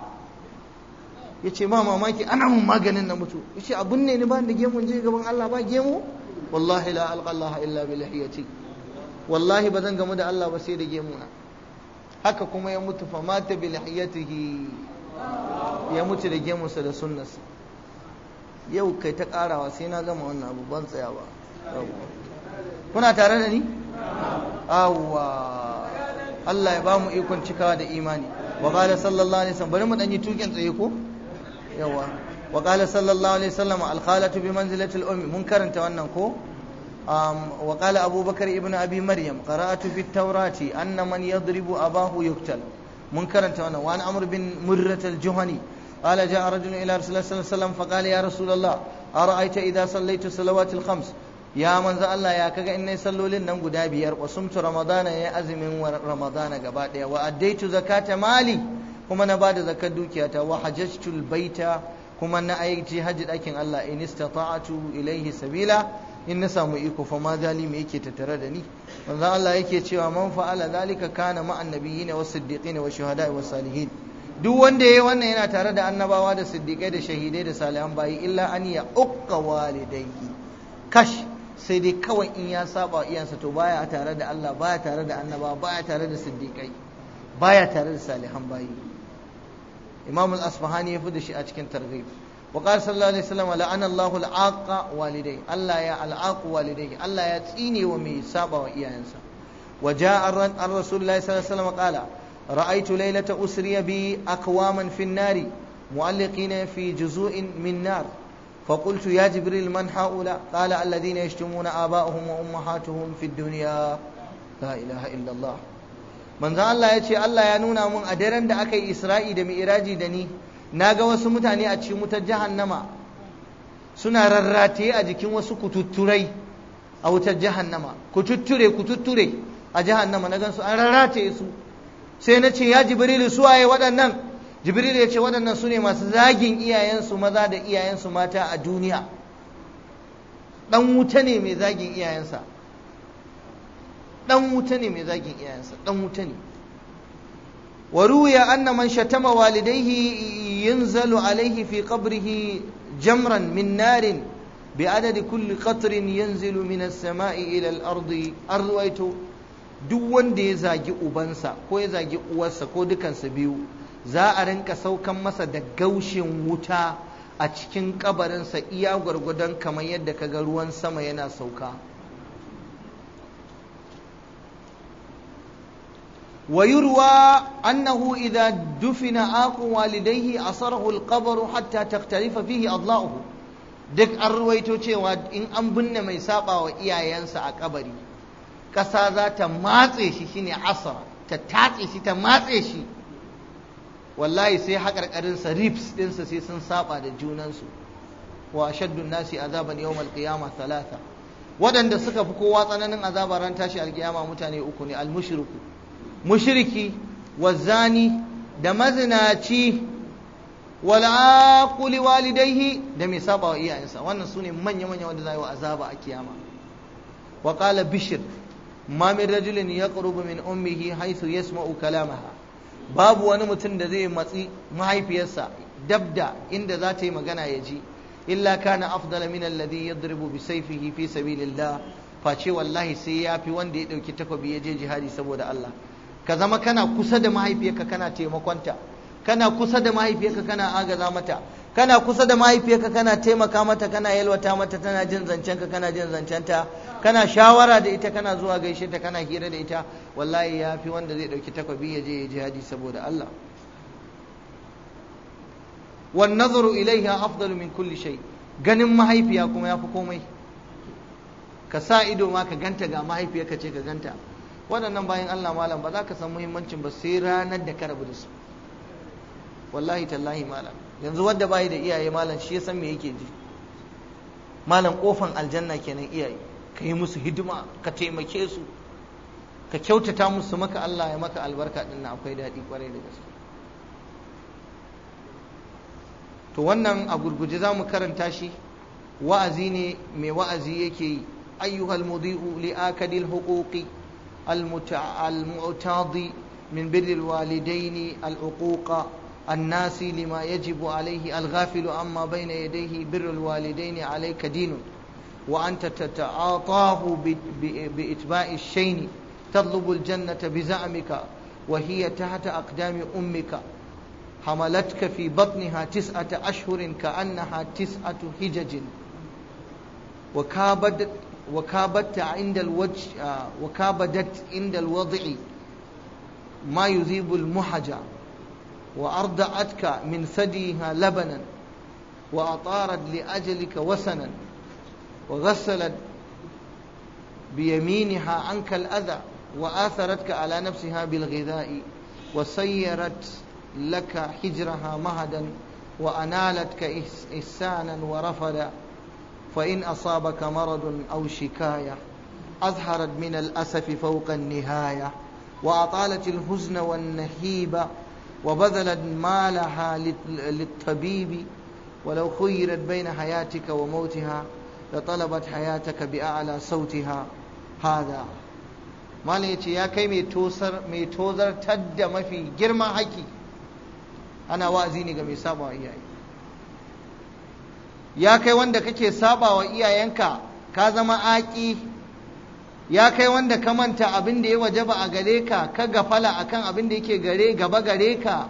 yace ma mamaki ana mun maganin na mutu ce abin ne ni ba da gemun je gaban Allah ba gemu wallahi la alqa Allah illa bi lihiyati wallahi ba zan gamu da Allah ba sai da gemuna haka kuma ya mutu fa mata bi lihiyatihi ya mutu da gemunsa da sunnarsa yau kai ta karawa sai na gama wannan abu ban ba kuna tare da ni awwa Allah ya ba mu ikon cikawa da imani wa qala sallallahu alaihi wasallam bari mu danyi yi tukin tsaye ko yawa wa qala sallallahu alaihi wasallam al khalatu bi manzilati al ummi mun karanta wannan ko Um, وقال أبو بكر ابن أبي مريم قرأت في التوراة أن من يضرب أباه يقتل منكرا تونا وعن عمرو بن مرة الجهني قال جاء رجل إلى رسول الله صلى الله عليه وسلم فقال يا رسول الله أرأيت إذا صليت الصلوات الخمس يا من ذا الله يا كذا إني صلوا لنا غدا بيار وصمت رمضان يا أزم رمضان قبات وأديت زكاة مالي كما نباد زكاة دوكياتا وحججت البيت كما نأيت حج لكن الله إن استطعت إليه سبيلا in na samu iko fa ma zali yake tattare da ni manzo Allah yake cewa man fa'ala zalika kana ma'an nabiyyin was siddiqin was shuhada'i was salihin duk wanda yayi wannan yana tare da annabawa da siddiqai da shahidai da salihan bayi illa an ya uqqa walidayhi kash sai dai kawai in ya saba iyansa to baya tare da Allah baya tare da annabawa baya tare da siddiqai baya tare da salihan bayi Imamul asfahani ya fi da shi a cikin targhib وقال صلى الله عليه وسلم لعن الله العاق والديه الله يا العاق والديه الله يا تيني ومي سابا وإيانسا وجاء الرسول الله صلى الله عليه وسلم قال رأيت ليلة أسري بي أقواما في النار معلقين في جزوء من نار فقلت يا جبريل من هؤلاء قال الذين يشتمون آباءهم وأمهاتهم في الدنيا لا إله إلا الله manzon Allah ya ce Allah ya nuna mun a daren da aka yi Isra'i da Mi'raji da ni na ga wasu mutane a cikin wutar jahannama suna rarrataye a jikin wasu kututturai a wutar jahannama kututture kututture a jahannama na gansu an rarrataye su sai na ce ya jibrilu su waye waɗannan jibrilu ya ce waɗannan su ne masu zagin iyayensu maza da iyayensu mata a duniya ɗan wuta ne mai zagin iyayensa ɗan wuta ne mai zagin iyayensa ɗan wuta ne wa ruya anna man shatama walidaihi ينزل عليه في قبره جمرا من adadi kulli كل قطر ينزل من السماء إلى الأرض أرويته duk wanda ya zagi ubansa ko ya zagi uwarsa ko dukansa biyu za a rinka saukan masa da gaushin wuta a cikin kabarinsa iya gwargwadon kamar yadda kaga ruwan sama yana sauka ruwa ويروى أنه إذا دفن آخ a أصره القبر حتى تختلف فيه allahu. duk an ruwaito cewa in an binne mai saba wa iyayensa a ƙabari. ƙasa za ta matse shi shine asar ta tatse shi ta matse shi wallahi sai haƙarƙarinsa rips ɗinsa sai sun saba da junansu wa shaddun nasi azaban yawmal qiyama talata waɗanda suka fi kowa tsananin azaba ran tashi alkiyama mutane uku ne al-mushriku mushriki wazani da mazinaci wal'aquli walidaihi da mai saba wa iyayensa wannan ne manya manya wanda zai wa azaba a kiyama wa qala bishr ma min rajulin yaqrubu min ummihi haythu yasma'u kalamaha babu wani mutum da zai matsi mahaifiyarsa dabda inda za ta yi magana ya ji illa kana afdala min alladhi yadribu bi sayfihi fi sabilillah face wallahi sai ya fi wanda ya dauki takobi ya je jihadi saboda Allah ka zama kana kusa da mahaifiyarka kana taimakonta kana kusa da mahaifiyarka kana agaza mata kana kusa da mahaifiyarka kana taimaka mata kana yalwata mata tana jin ka kana jin ta kana shawara da ita kana zuwa gaishe ta kana hira da ita wallahi ya fi wanda zai ɗauki takwabi ya je ya jihadi saboda Allah wan nazaru ilaiha afdalu min kulli shay ganin mahaifiya kuma yafi komai ka sa ido ma ka ganta ga mahaifiyarka ce ka ganta waɗannan bayan Allah malam ba za ka san muhimmancin ba sai ranar da ka rabu da su wallahi tallahi malam yanzu wanda bayi da iyaye malam shi ya san me yake ji malam kofan aljanna kenan iyaye ka yi musu hidima ka taimake su ka kyautata musu maka Allah ya maka albarka din akwai daɗi kwarai da gaske to wannan a gurguje za mu karanta shi wa'azi ne mai wa'azi yake yi ayyuhal mudi'u li akadil huquqi المعتاض من بر الوالدين العقوق الناس لما يجب عليه الغافل أما بين يديه بر الوالدين عليك دين وأنت تتعاطاه بإتباع الشين تطلب الجنة بزعمك وهي تحت أقدام أمك حملتك في بطنها تسعة أشهر كأنها تسعة حجج وكابدت وكابت عند الوجه آه، وكابدت عند الوضع ما يذيب المحجة وأرضعتك من ثديها لبنا وأطارت لأجلك وسنا وغسلت بيمينها عنك الأذى وآثرتك على نفسها بالغذاء وسيرت لك حجرها مهدا وأنالتك إحسانا ورفدا فإن أصابك مرض أو شكاية أظهرت من الأسف فوق النهاية وأطالت الحزن والنهيب وبذلت مالها للطبيب ولو خيرت بين حياتك وموتها لطلبت حياتك بأعلى صوتها هذا ما ya يا كي ميتوزر mai tozartar da mafi girman haƙi ana wa'azi ne ga mai ya kai wanda kake sabawa iyayenka ka zama aki ya kai wanda ka manta abin da ya wajaba a gare ka ka gafala akan abin da yake gare gaba gare ka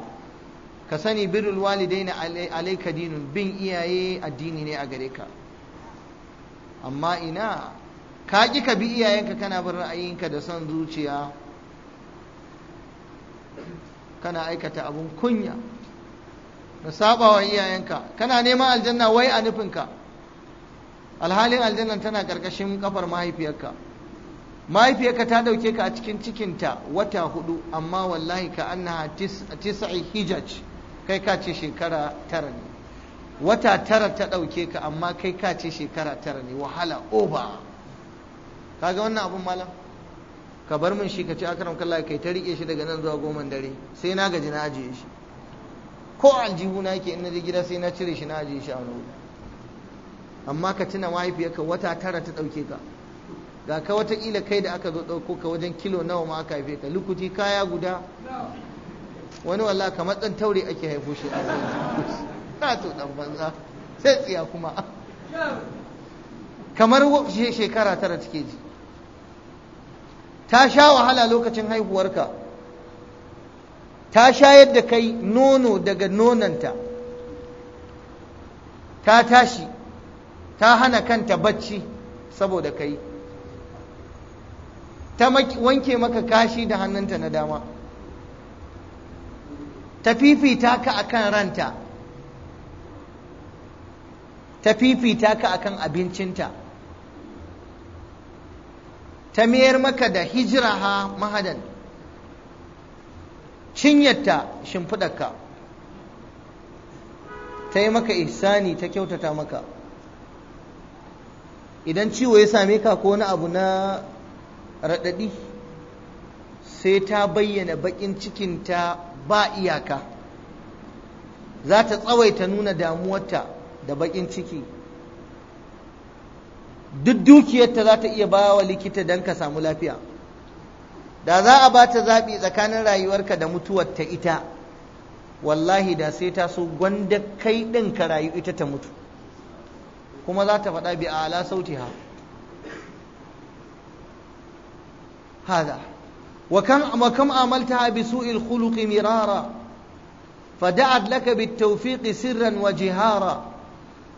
ka sani birrul walidaina alayka dinun bin iyaye addini ne a gare ka amma ina ka ki ka bi iyayenka kana bin ra'ayinka da son zuciya kana aikata abin kunya ka saba wa iyayenka kana neman aljanna wai a nufinka alhalin aljannan tana ƙarƙashin kafar mahaifiyarka mahaifiyarka ta ɗauke ka a cikin cikinta wata hudu amma wallahi ka annaha a hijaj kai ka ce shekara tara ne wata tara ta ɗauke ka amma kai ka ce shekara tara ne wahala oba kaga wannan abun malam ka bar min shi ka ce akaram kallahi kai ta rike shi daga nan zuwa goma dare sai na gaji na ajiye shi ko aljihuna yake in je gida sai na cire shi na ajiye shi a wani wuri amma ka tuna mahaifiyarka wata tara ta ɗauke ka ga ka watakila kai da aka zo ɗauko ka wajen kilo nawa ma aka haife ka lukuti kaya guda wani wallah kamar ɗan taure ake haifo shi a ka to ɗan banza sai tsiya kuma kamar shekara tara take ji ta sha wahala lokacin haihuwarka ta shayar da kai nono daga nonanta ta tashi ta hana kanta bacci saboda kai ta wanke maka kashi da hannunta na dama ta fifita ka akan ranta ta fifita ka akan abincinta ta mayar maka da hijira ha mahadan cinyarta shimfiɗarka ta yi maka ihsani ta kyautata maka idan ciwo ya same ka ko wani abu na raɗaɗi sai ta bayyana baƙin cikinta ba iyaka za ta tsawaita nuna damuwarta da baƙin ciki duk dukiyarta za ta iya bawa likita don ka samu lafiya da za a bata zabi tsakanin rayuwarka da mutuwar ta ita wallahi da sai ta so gwanda kai din ka rayu ita ta mutu kuma za ta faɗa bi ala sautiha hada wa kam wa kam amalta bi su'il khuluqi mirara fada'at laka bit بالتوفيق sirran wa jihara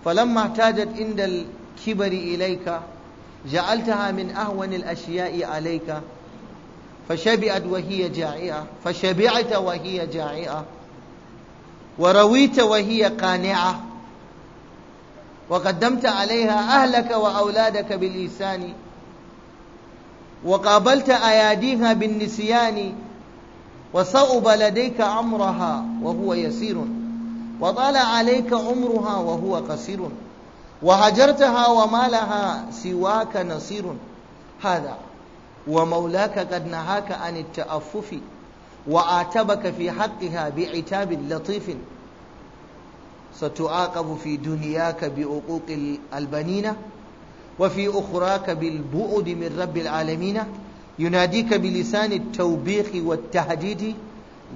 فلما احتاجت عند الكبر إليك جعلتها من أهون الأشياء عليك فشبعت وهي جائعة فشبعت وهي جائعة ورويت وهي قانعة وقدمت عليها أهلك وأولادك بالإيسان وقابلت أياديها بالنسيان وصعب لديك أمرها وهو يسير وطال عليك عمرها وهو قصير وهجرتها ومالها سواك نصير هذا wa maulaka qad nahaka an at-ta'affufi wa atabaka fi haqqiha bi'itabin latifin ستعاقب في دنياك بعقوق البنين وفي أخراك بالبعد من رب العالمين يناديك بلسان التوبيخ والتهديد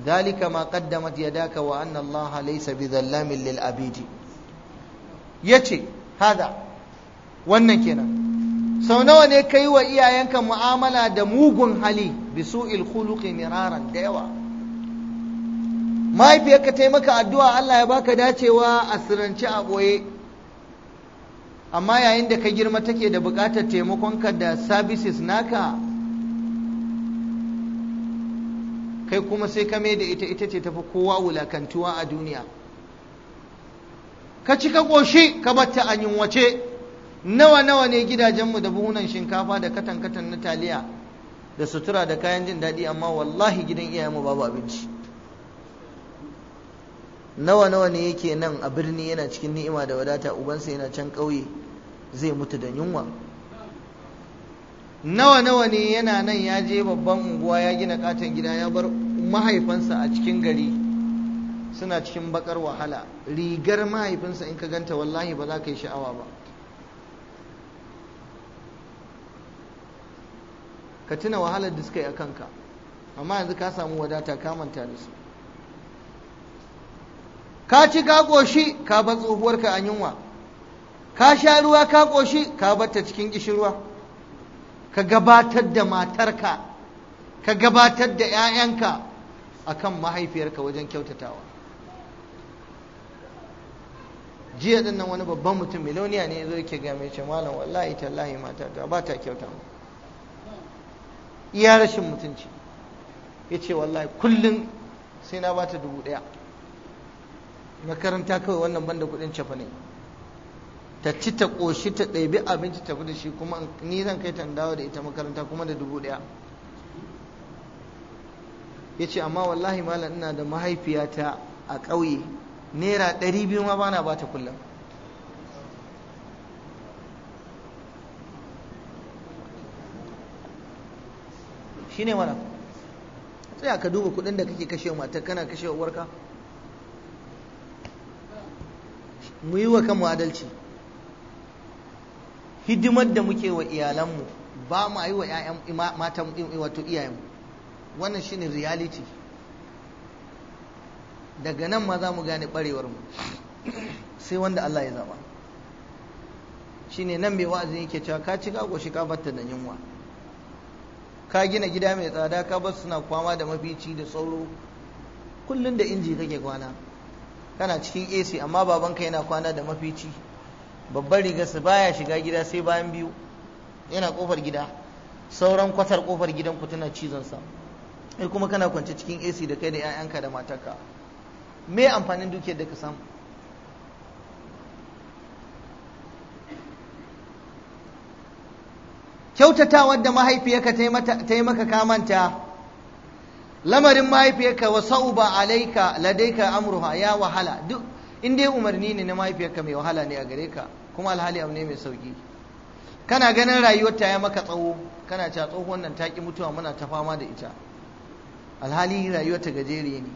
ذلك ما قدمت يداك وأن الله ليس بذلام للأبيد يتي هذا wannan kenan sau nawa ne ka yi wa iyayenka mu'amala da mugun hali bisu ilkuluki miraran da yawa mahaifiyarka ta yi addu'a Allah ya baka dacewa a sirrance a ɓoye amma yayin da ka girma take da buƙatar taimakonka da services naka kai kuma sai ka mai da ita ita ce tafi kowa wulakantuwa a duniya ka ci ka ƙoshi ka batta a wace. nawa nawa ne gidajenmu da buhunan shinkafa da katan katan na taliya da sutura da kayan jin daɗi amma wallahi gidan iyayenmu babu abinci nawa nawa ne yake nan a birni yana cikin ni'ima da wadata ubansa yana can ƙauye zai mutu da yunwa nawa nawa ne yana nan ya je babban unguwa ya gina katon gida ya bar mahaifansa a cikin gari suna cikin bakar wahala rigar mahaifinsa in ka ganta wallahi ba za ka yi sha'awa ba ka tuna wahalar da suka yi a kanka amma yanzu ka samu wadata ka manta da su ka ci ka ƙoshi ka bar tsohuwarka a yunwa ka sha ruwa ka ƙoshi ka batta cikin ƙishirwa ka gabatar da matarka ka gabatar da 'ya'yanka a kan mahaifiyarka wajen kyautatawa jiya dinnan wani babban mutum miloniya ne ya zo yake game ce malam wallahi tallahi mata ta ba ta kyauta iya rashin mutunci ya ce wallahi kullum sai na bata dubu ɗaya makaranta kawai wannan banda kuɗin cefa ne ta ci ta ƙoshi ta ɗabi abinci tafi da shi kuma ni zan kai ta dawo da ita makaranta kuma da dubu ɗaya ya ce amma wallahi malam ina da mahaifiyata a ƙauye naira ɗari biyu ma bana bata kullum ne mana tsaya ka duba kuɗin da kake kashe matar kana kashe uwarka mu yi wa kanmu adalci hidimar da muke wa iyalanmu ba mu yi wa matan wato iyayen wannan shine reality daga nan ma za mu gane barewar mu sai wanda Allah ya zaba shine nan mai wa'azin yake cewa ka ci ka goshi ka batta da yunwa ka gina gida mai tsada ka bar suna kwama da mafici da sauro kullum da inji kake kwana kana cikin AC amma babanka yana kwana da mafici babbar rigarsa baya shiga gida sai bayan biyu yana kofar gida sauran kwatar kofar gidan ku tana cizon sa kai kuma kana kwance cikin AC da kai da 'ya'yanka da matarka me amfanin dukiyar da ka samu Kyautata da mahaifiyarka ta yi maka kamanta lamarin mahaifiyarka wa sa'uba alaika ladaika amruha ya wahala duk in dai umarni ne na mahaifiyarka mai wahala ne a gare ka kuma alhali abu ne mai sauki kana ganin rayuwar ta ya maka tsawo kana cewa tsohon nan ta mutuwa muna ta fama da ita alhali rayuwar ta gajere ne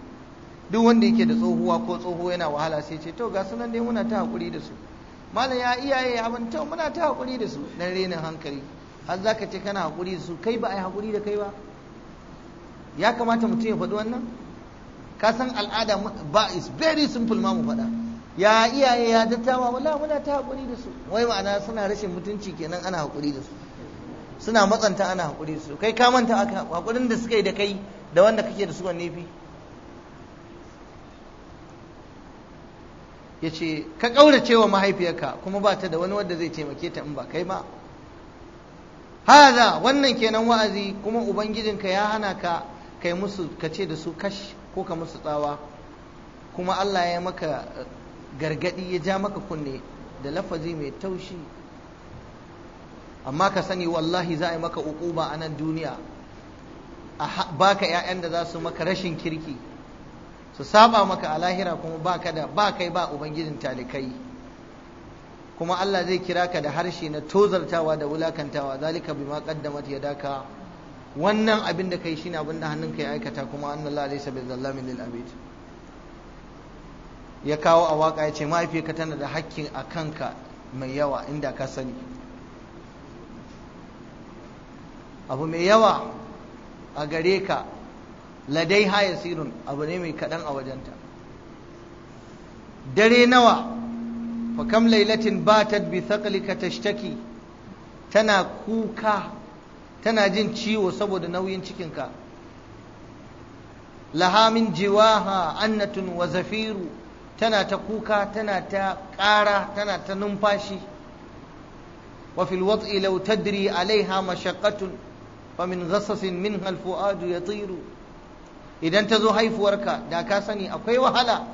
duk wanda yake da tsohuwa ko tsoho yana wahala sai ce to ga sunan dai muna ta hakuri da su malam ya iyaye abin to muna ta hakuri da su dan renin hankali har za ka ce kana haƙuri da su kai ba a yi haƙuri da kai ba ya kamata mutum ya faɗi wannan ka san al'ada ba is very simple ma mu faɗa ya iyaye ya dattawa wala muna ta haƙuri da su wai ma'ana suna rashin mutunci kenan ana haƙuri da su suna matsanta ana haƙuri da su kai ka manta aka haƙurin da suka yi da kai da wanda kake da su wanne fi ya ce ka ƙaurace wa mahaifiyarka kuma ba ta da wani wanda zai taimake ta in ba kai ma haza wannan kenan wa'azi kuma ubangijinka ya hana ka kai musu ka ce da su kash ko ka musu tsawa kuma Allah ya maka eh, gargadi ya ja maka kunne da lafazi mai taushi amma ka sani wallahi za a yi maka ukuba a nan duniya a baka 'ya'yan da za su maka rashin kirki su saba maka a lahira kuma ba kai ba ubangijin talikai kuma Allah zai kira ka da harshe na tozartawa da wulakantawa zalika bima qaddamat yadaka wannan abin da kai shine abin da hannunka ya aikata kuma Allah laysa bizallamin lil abid ya kawo a waka ya ce mahaifiyarka tana da hakkin a kanka mai yawa inda ka sani abu mai yawa a gare ka ladai ha yasirun abu ne mai kaɗan a wajenta dare nawa fa kam lailatin batat bi thaqlika tashtaki tana kuka tana jin ciwo saboda nauyin cikinka laha min jiwaha annatun wa zafiru tana ta kuka tana ta ƙara tana ta numfashi wa fil wat'i law tadri alaiha mashaqqatun fa min ghassasin minha al fuadu yatiru idan ta zo haifuwarka da ka sani akwai wahala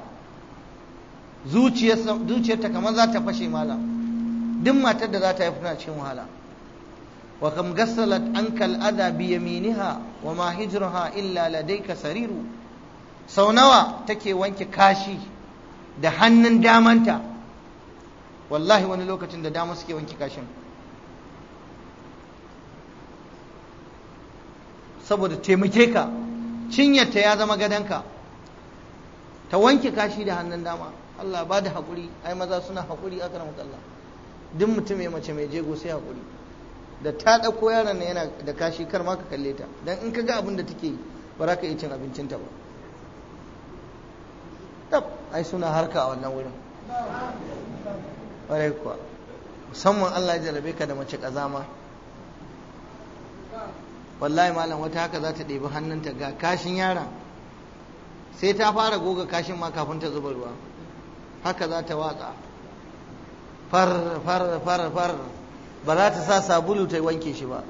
zuciyarta kamar za ta fashe malam duk matar da za ta haifi na cikin wahala wa kam gassalat ankal adha bi yaminiha wa ma hijruha illa ladayka sariru sau nawa take wanke kashi da hannun damanta wallahi wani lokacin da dama suke wanke kashin saboda taimake ka cinyarta ya zama gadonka ta wanke kashi da hannun dama Allah ba da haƙuri ai maza suna haƙuri aka ramu Allah duk mutum ya mace mai jego sai haƙuri da ta ɗauko yaron na yana da kashi kar ma ka kalle ta dan in ka ga abin da take ba za ka iya cin abincin ta ba tab ai suna harka a wannan wurin ƙwarai kuwa musamman Allah ya jarabe ka da mace ƙazama wallahi malam wata haka za ta ɗebi hannunta ga kashin yaron sai ta fara goga kashin ma kafin ta zuba ruwa haka za ta watsa far far far far ba za ta sa sabulu ta wanke shi ba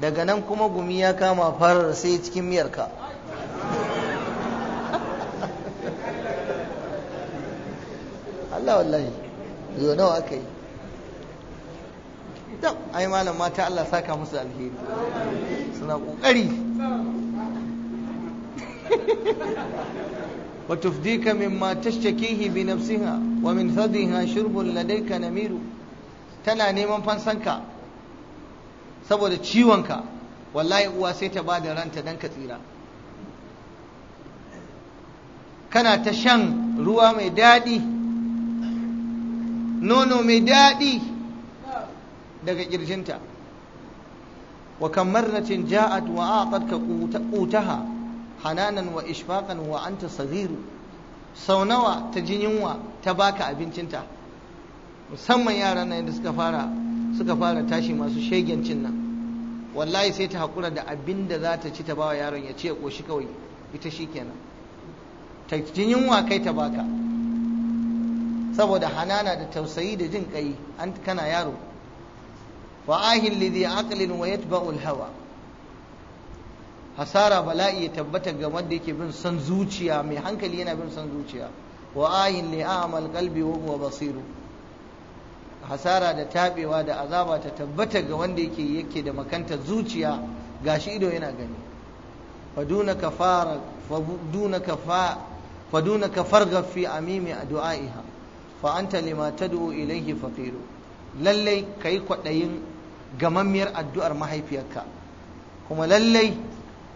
daga nan kuma gumi ya kama far sai cikin miyarka Allah wallahi zo nawa aka yi ai malam mata Allah saka musu alheri suna kokari وتفديك مما تشتكيه بنفسها ومن ثديها شرب لديك نمير tana neman fansanka saboda ciwonka wallahi uwa sai ta bada ranta dan ka tsira kana ta shan ruwa mai daɗi nono mai daɗi daga ƙirjinta wa kan marratin ja'at wa aqad ka qutaha hananan wa ishfaqan wa anta saghiru sau nawa ta ji yunwa ta baka abincinta musamman yaran nan da suka fara suka fara tashi masu shegencin nan wallahi sai ta hakura da abin da za ta ci ta bawa yaron ya ce koshi kawai ita shi kenan ta ji yunwa kai ta baka saboda hanana da tausayi da jin kai an kana yaro wa ahin lidhi aqlin wa yatba'u hawa hasara bala'i ya tabbata ga wanda yake bin son zuciya mai hankali yana bin san zuciya wa ayin li a'mal qalbi wa huwa basiru hasara da tabewa da azaba ta tabbata ga wanda yake yake da makanta zuciya gashi ido yana gani faduna kafara faduna kafa faduna kafarga fi amimi du'aiha fa anta lima tad'u ilayhi faqiru lallai kai kwadayin gamammiyar addu'ar mahaifiyarka kuma lallai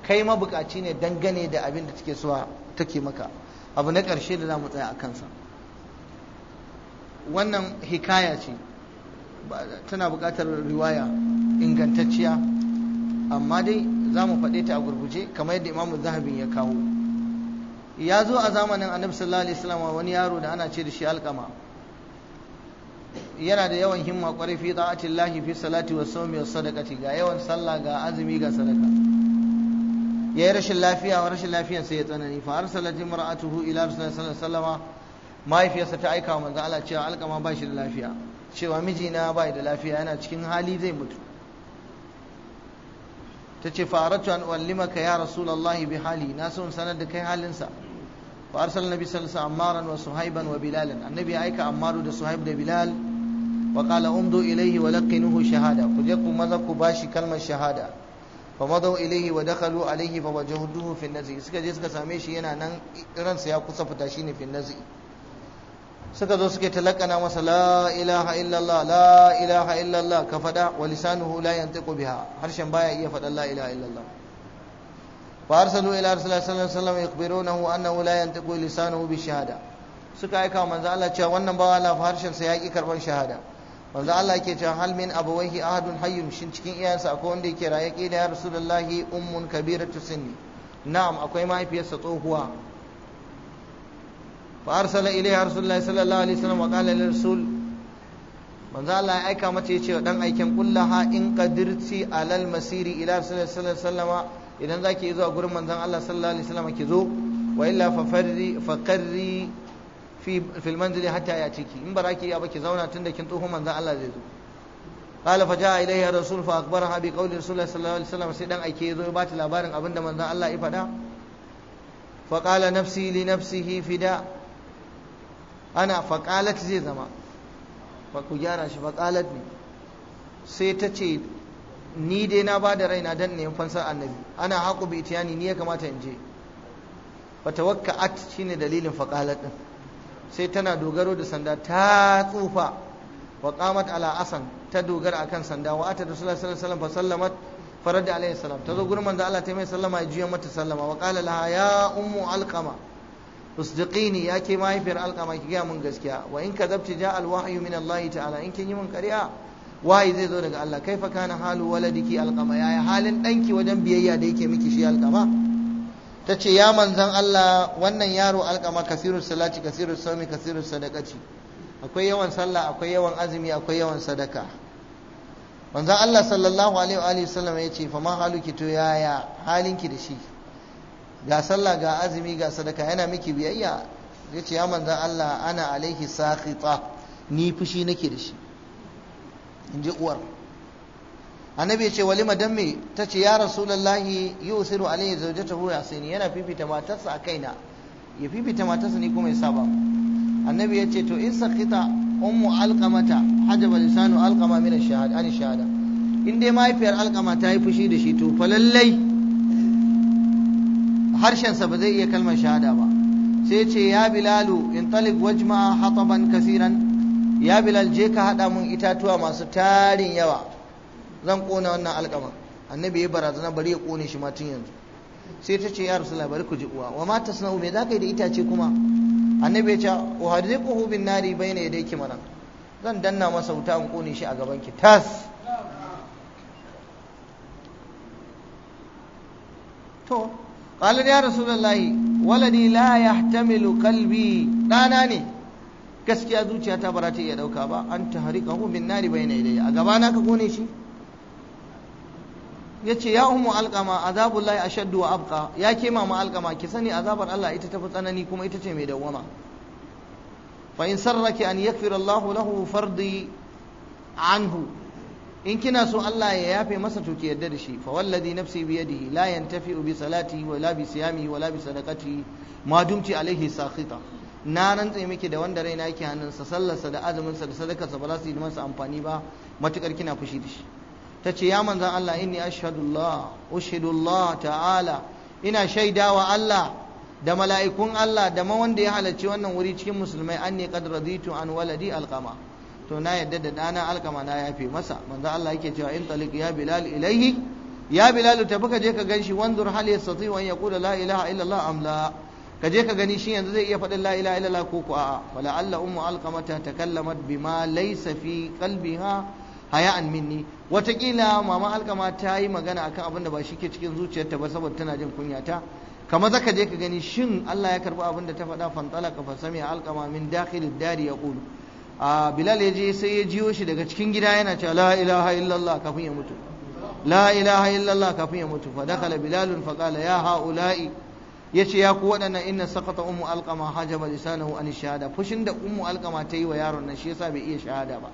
kai mabukaci ne dangane da abin da take suwa take maka abu na ƙarshe da za mu tsaya a kansa wannan hikaya ce tana buƙatar riwaya ingantacciya amma dai za mu faɗe ta a gurguje kamar yadda imamu zahabin ya kawo ya zo a zamanin annabi sallallahu alaihi wasallam wani yaro da ana ce da shi alƙama yana da yawan himma ƙwarai fi ta'atillahi fi salati wa sawmi wa sadaqati ga yawan sallah ga azumi ga sadaka ya yi rashin lafiya rashin lafiyan sai ya tsanani fa arsalat imra'atuhu ila rasulullahi sallallahu alaihi wasallama mahaifiyarsa ta aika wa manzo Allah cewa alkama ba shi da lafiya cewa mijina ba da lafiya yana cikin hali zai mutu ta ce faratu an uallimaka ya rasulullahi bi hali na so sanar da kai halinsa fa arsal nabi sallallahu alaihi ammaran wa suhaiban wa bilalan annabi aika ammaru da suhaib da bilal wa qala umdu ilayhi wa laqinuhu shahada ku je ku maza ku bashi kalmar shahada fa madaw ilayhi wa dakhalu alayhi fa wajahduhu fi nazi suka je suka same shi yana nan ransa ya kusa fita shi shine fi nazi suka zo suke talakana masa la ilaha illallah la ilaha illallah ka fada wa lisanuhu la yantiqu biha harshen baya iya fadan la ilaha illallah fa arsalu ila rasulullahi sallallahu alaihi wasallam yukhbirunahu annahu la yantiqu lisanuhu bi shahada suka aika manzo Allah cewa wannan bawa Allah fa harshen sa ya ki karban shahada manzo Allah yake cewa hal min abawaihi ahadun hayyun shin cikin iyayensa akwai wanda yake raye kila ya rasulullahi ummun kabiratu sinni na'am akwai mahaifiyarsa tsohuwa fa arsala ilayha rasulullahi sallallahu alaihi wasallam wa qala lil rasul manzo Allah ya aika mata yace dan aikin kullaha in qadirti alal masiri ila rasulullahi sallallahu alaihi wasallam idan zaki zuwa gurin manzon Allah sallallahu alaihi wasallam ki zo wa illa fa farri fa qarri fi fil manzili hatta ya ciki in ba za ki yi ba ki zauna tunda kin tsoho manzon Allah zai zo qala fa jaa ilayha rasul fa akhbaraha bi qawli rasul sallallahu alaihi wasallam sai dan aike ya zo ya bata labarin abinda manzon Allah ya faɗa fa qala nafsi li nafsihi fida ana fa qalat zai zama fa ku gyara shi fa qalat ne sai ta ce ni dai na bada raina dan ne fansar annabi ana haƙu bi itiyani ni ya kamata in je fa tawakka'at shine dalilin fa qalat sai tana dogaro da sanda ta tsufa wa qamat ala asan ta dogara akan sanda wa ata rasulullahi sallallahu alaihi wasallam fa sallamat farad alaihi salam ta zo gurin manzo Allah ta mai sallama ya jiya mata sallama wa qala laha ya ummu alqama usdiqini ya ke mahaifiyar alqama ki ga mun gaskiya wa in kadabti ja alwahyu min Allah ta'ala in kin yi mun ƙarya wayi zai zo daga Allah kaifa kana halu waladiki alqama yaya halin danki wajen biyayya da yake miki shi alqama ta ce ya manzan Allah wannan yaro alƙama kasirun salati kasirun sami kasirun sadakaci akwai yawan sallah akwai yawan azumi akwai yawan sadaka manzan Allah sallallahu alaihi wa ya ce fama haluki to yaya halinki da shi ga sallah ga azumi ga sadaka yana miki biyayya ya ce ya manzan Allah ana alaihi sakhita ni fushi nake da shi in ji uwar annabi ya ce walima dan me ta ce ya rasulullahi yusiru alayhi zawjatahu yasini yana fifita matarsa a kaina ya fifita matarsa ni kuma ya saba annabi ya ce to in sakita ummu alqamata hajaba lisanu alqama min ash-shahada an shahada in dai mahaifiyar alqama ta yi fushi da shi to fa lallai harshensa ba zai iya kalmar shahada ba sai ce ya bilalu in talib wajma hataban kasiran ya bilal je ka hada mun itatuwa masu tarin yawa zan kona wannan alkama annabi ya barazana bari ya kone shi ma yanzu sai ta ce ya rasulullah bari ku ji uwa wa ma tasna'u me zaka yi da itace kuma annabi ya ce uhadiquhu bin nari bayna yadayki mana zan danna masa wuta in kone shi a gaban ki tas to qala ya rasulullah waladi la yahtamilu qalbi dana ne gaskiya zuciyata ba za ta iya ɗauka ba an tahriqahu bin nari bayna yadayya a gabana ka kone shi ya ce ya umu alƙama azabullahi ashaddu wa abqa ya ke mama alƙama ki sani azabar Allah ita tafi tsanani kuma ita ce mai dawwama fa in sarraki an yakfira Allahu lahu fardi anhu in kina so Allah ya yafe masa to ki yarda da shi fa wallazi nafsi bi yadihi la yantafi'u bi salati wa la bi siyami wa la bi sadaqati ma dumti alaihi sakhita na rantse miki da wanda raina yake hannunsa sallarsa da azumin sa da sadakarsa ba za su yi masa amfani ba matukar kina fushi da shi ta ce ya manzan Allah inni ashhadullah ushhidullah ta'ala ina shaidawa Allah da mala'ikun Allah da ma wanda ya halarci wannan wuri cikin musulmai an ne qad raditu an waladi alqama to na yadda da dana alqama na yafe masa manzo Allah yake cewa in taliq ya bilal ilaihi ya bilal tafi ka je ka ganshi wanzur hal yastati wa yaqulu la ilaha illa Allah am la ka je ka gani shi yanzu zai iya faɗin la ilaha illa Allah ko ko a'a wala alla ummu alqama ta takallamat bima laysa fi qalbiha haya'an minni watakila mama alkama ta yi magana akan abin da ba shi ke cikin zuciyarta ba saboda tana jin kunyata kamar zaka je ka gani shin Allah ya karbi abin da ta faɗa fantalaka fa sami alkama min dakhil dari ya a bilal ya je sai ya jiyo shi daga cikin gida yana cewa la ilaha illallah kafin ya mutu la ilaha illallah kafin ya mutu fa dakhala bilalun fa qala ya haula'i yace ya ku waɗannan inna saqata ummu alqama hajaba lisanahu an shahada fushin da ummu alqama ta yi wa yaron nan shi yasa bai iya shahada ba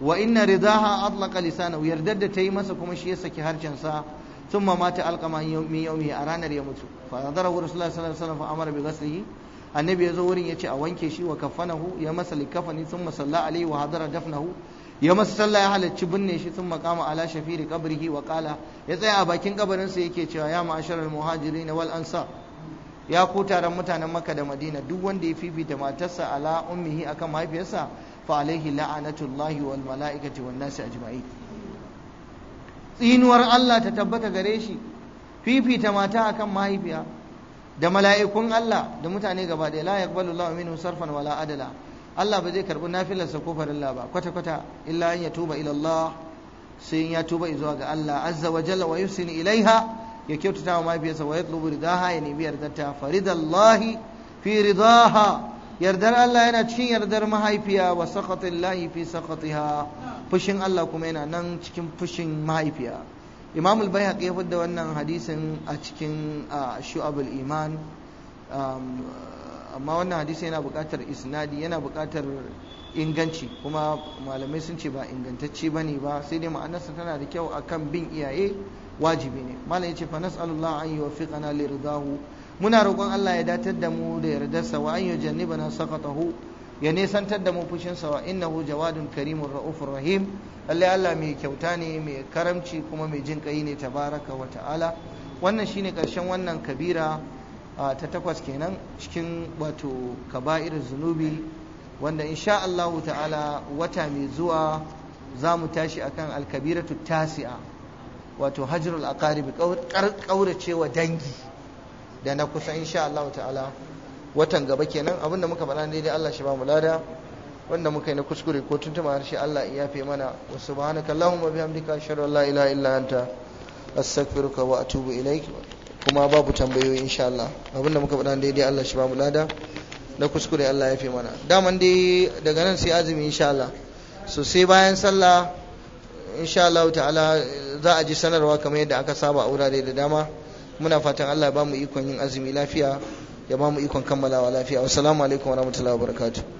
wa inna ridaha atlaqa lisanahu yardar da ta yi masa kuma shi ya saki harshen sa thumma mata alqama min yawmi a ranar ya mutu fa nadarahu rasulullahi sallallahu alaihi wasallam fa amara bi ghaslihi annabi ya zo wurin ya ce a wanke shi wa kafanahu ya masa likafani thumma salla alaihi wa hadara dafnahu ya masa sallah ya halarci binne shi sun makama ala shafiri kabrihi wa kala ya tsaya a bakin sa yake cewa ya ma'asharar muhajiri na wal ya ku taron mutanen maka da madina duk wanda ya fifita matarsa ala ummihi akan mahaifiyarsa فعليه لعنة الله والملائكة والناس أجمعين tsinuwar Allah ta tabbata gare shi fifita mata akan mahaifiya da mala'ikun Allah da mutane gaba ɗaya la yaqbalu Allahu sarfan wala adala Allah ba zai karbi nafilarsa ko farilla ba kwata kwata illa an ya tuba Allah sai ya tuba zuwa ga Allah azza wa jalla wa yusini ilaiha ya kyautata wa mahaifiyarsa wa yatlubu ridaha ya nemi yardarta faridallahi fi ridaha yardar Allah yana cikin yardar mahaifiya wa saqatillahi fi saqatiha fushin Allah kuma yana nan cikin fushin mahaifiya Imam al-Baihaqi ya fadda wannan hadisin a cikin Shu'abul Iman um, amma wannan hadisi yana buƙatar isnadi yana buƙatar inganci kuma malamai sun ce ba ingantacce ba ne ba sai dai ma'anarsa tana da kyau akan bin iyaye wajibi ne malam ya ce fa nas'alullah an yuwaffiqana li ridahu muna roƙon Allah ya datar da mu da yardarsa wa an yujannibana saqatahu ya nisantar da mu fushin sa wa innahu jawadun karimur raufur rahim lalle Allah mai kyauta ne mai karamci kuma mai jin kai ne tabaraka wa ta'ala wannan shine karshen wannan kabira ta takwas kenan cikin wato kaba'ir zunubi wanda insha Allah ta'ala wata mai zuwa za mu tashi akan alkabiratu tasi'a wato hajrul aqarib kaurace wa dangi da na kusa insha Allah ta'ala watan gaba kenan abin da muka faɗa daidai Allah shi ba mu lada wanda muka yi na kuskure ko tuntuma shi Allah ya yafe mana wa subhanaka allahumma bihamdika ashhadu an la ilaha illa anta astaghfiruka wa atubu ilaik kuma babu tambayoyi insha Allah abin da muka faɗa daidai Allah shi ba mu lada na kuskure Allah ya yafe mana daman dai daga nan sai azumi insha Allah so sai bayan sallah insha Allah ta'ala za a ji sanarwa kamar yadda aka saba a wurare da dama muna fatan Allah ya ba mu ikon yin azumi lafiya ya ba mu ikon kammalawa lafiya wassalamu alaikum warahmatullahi wabarakatuh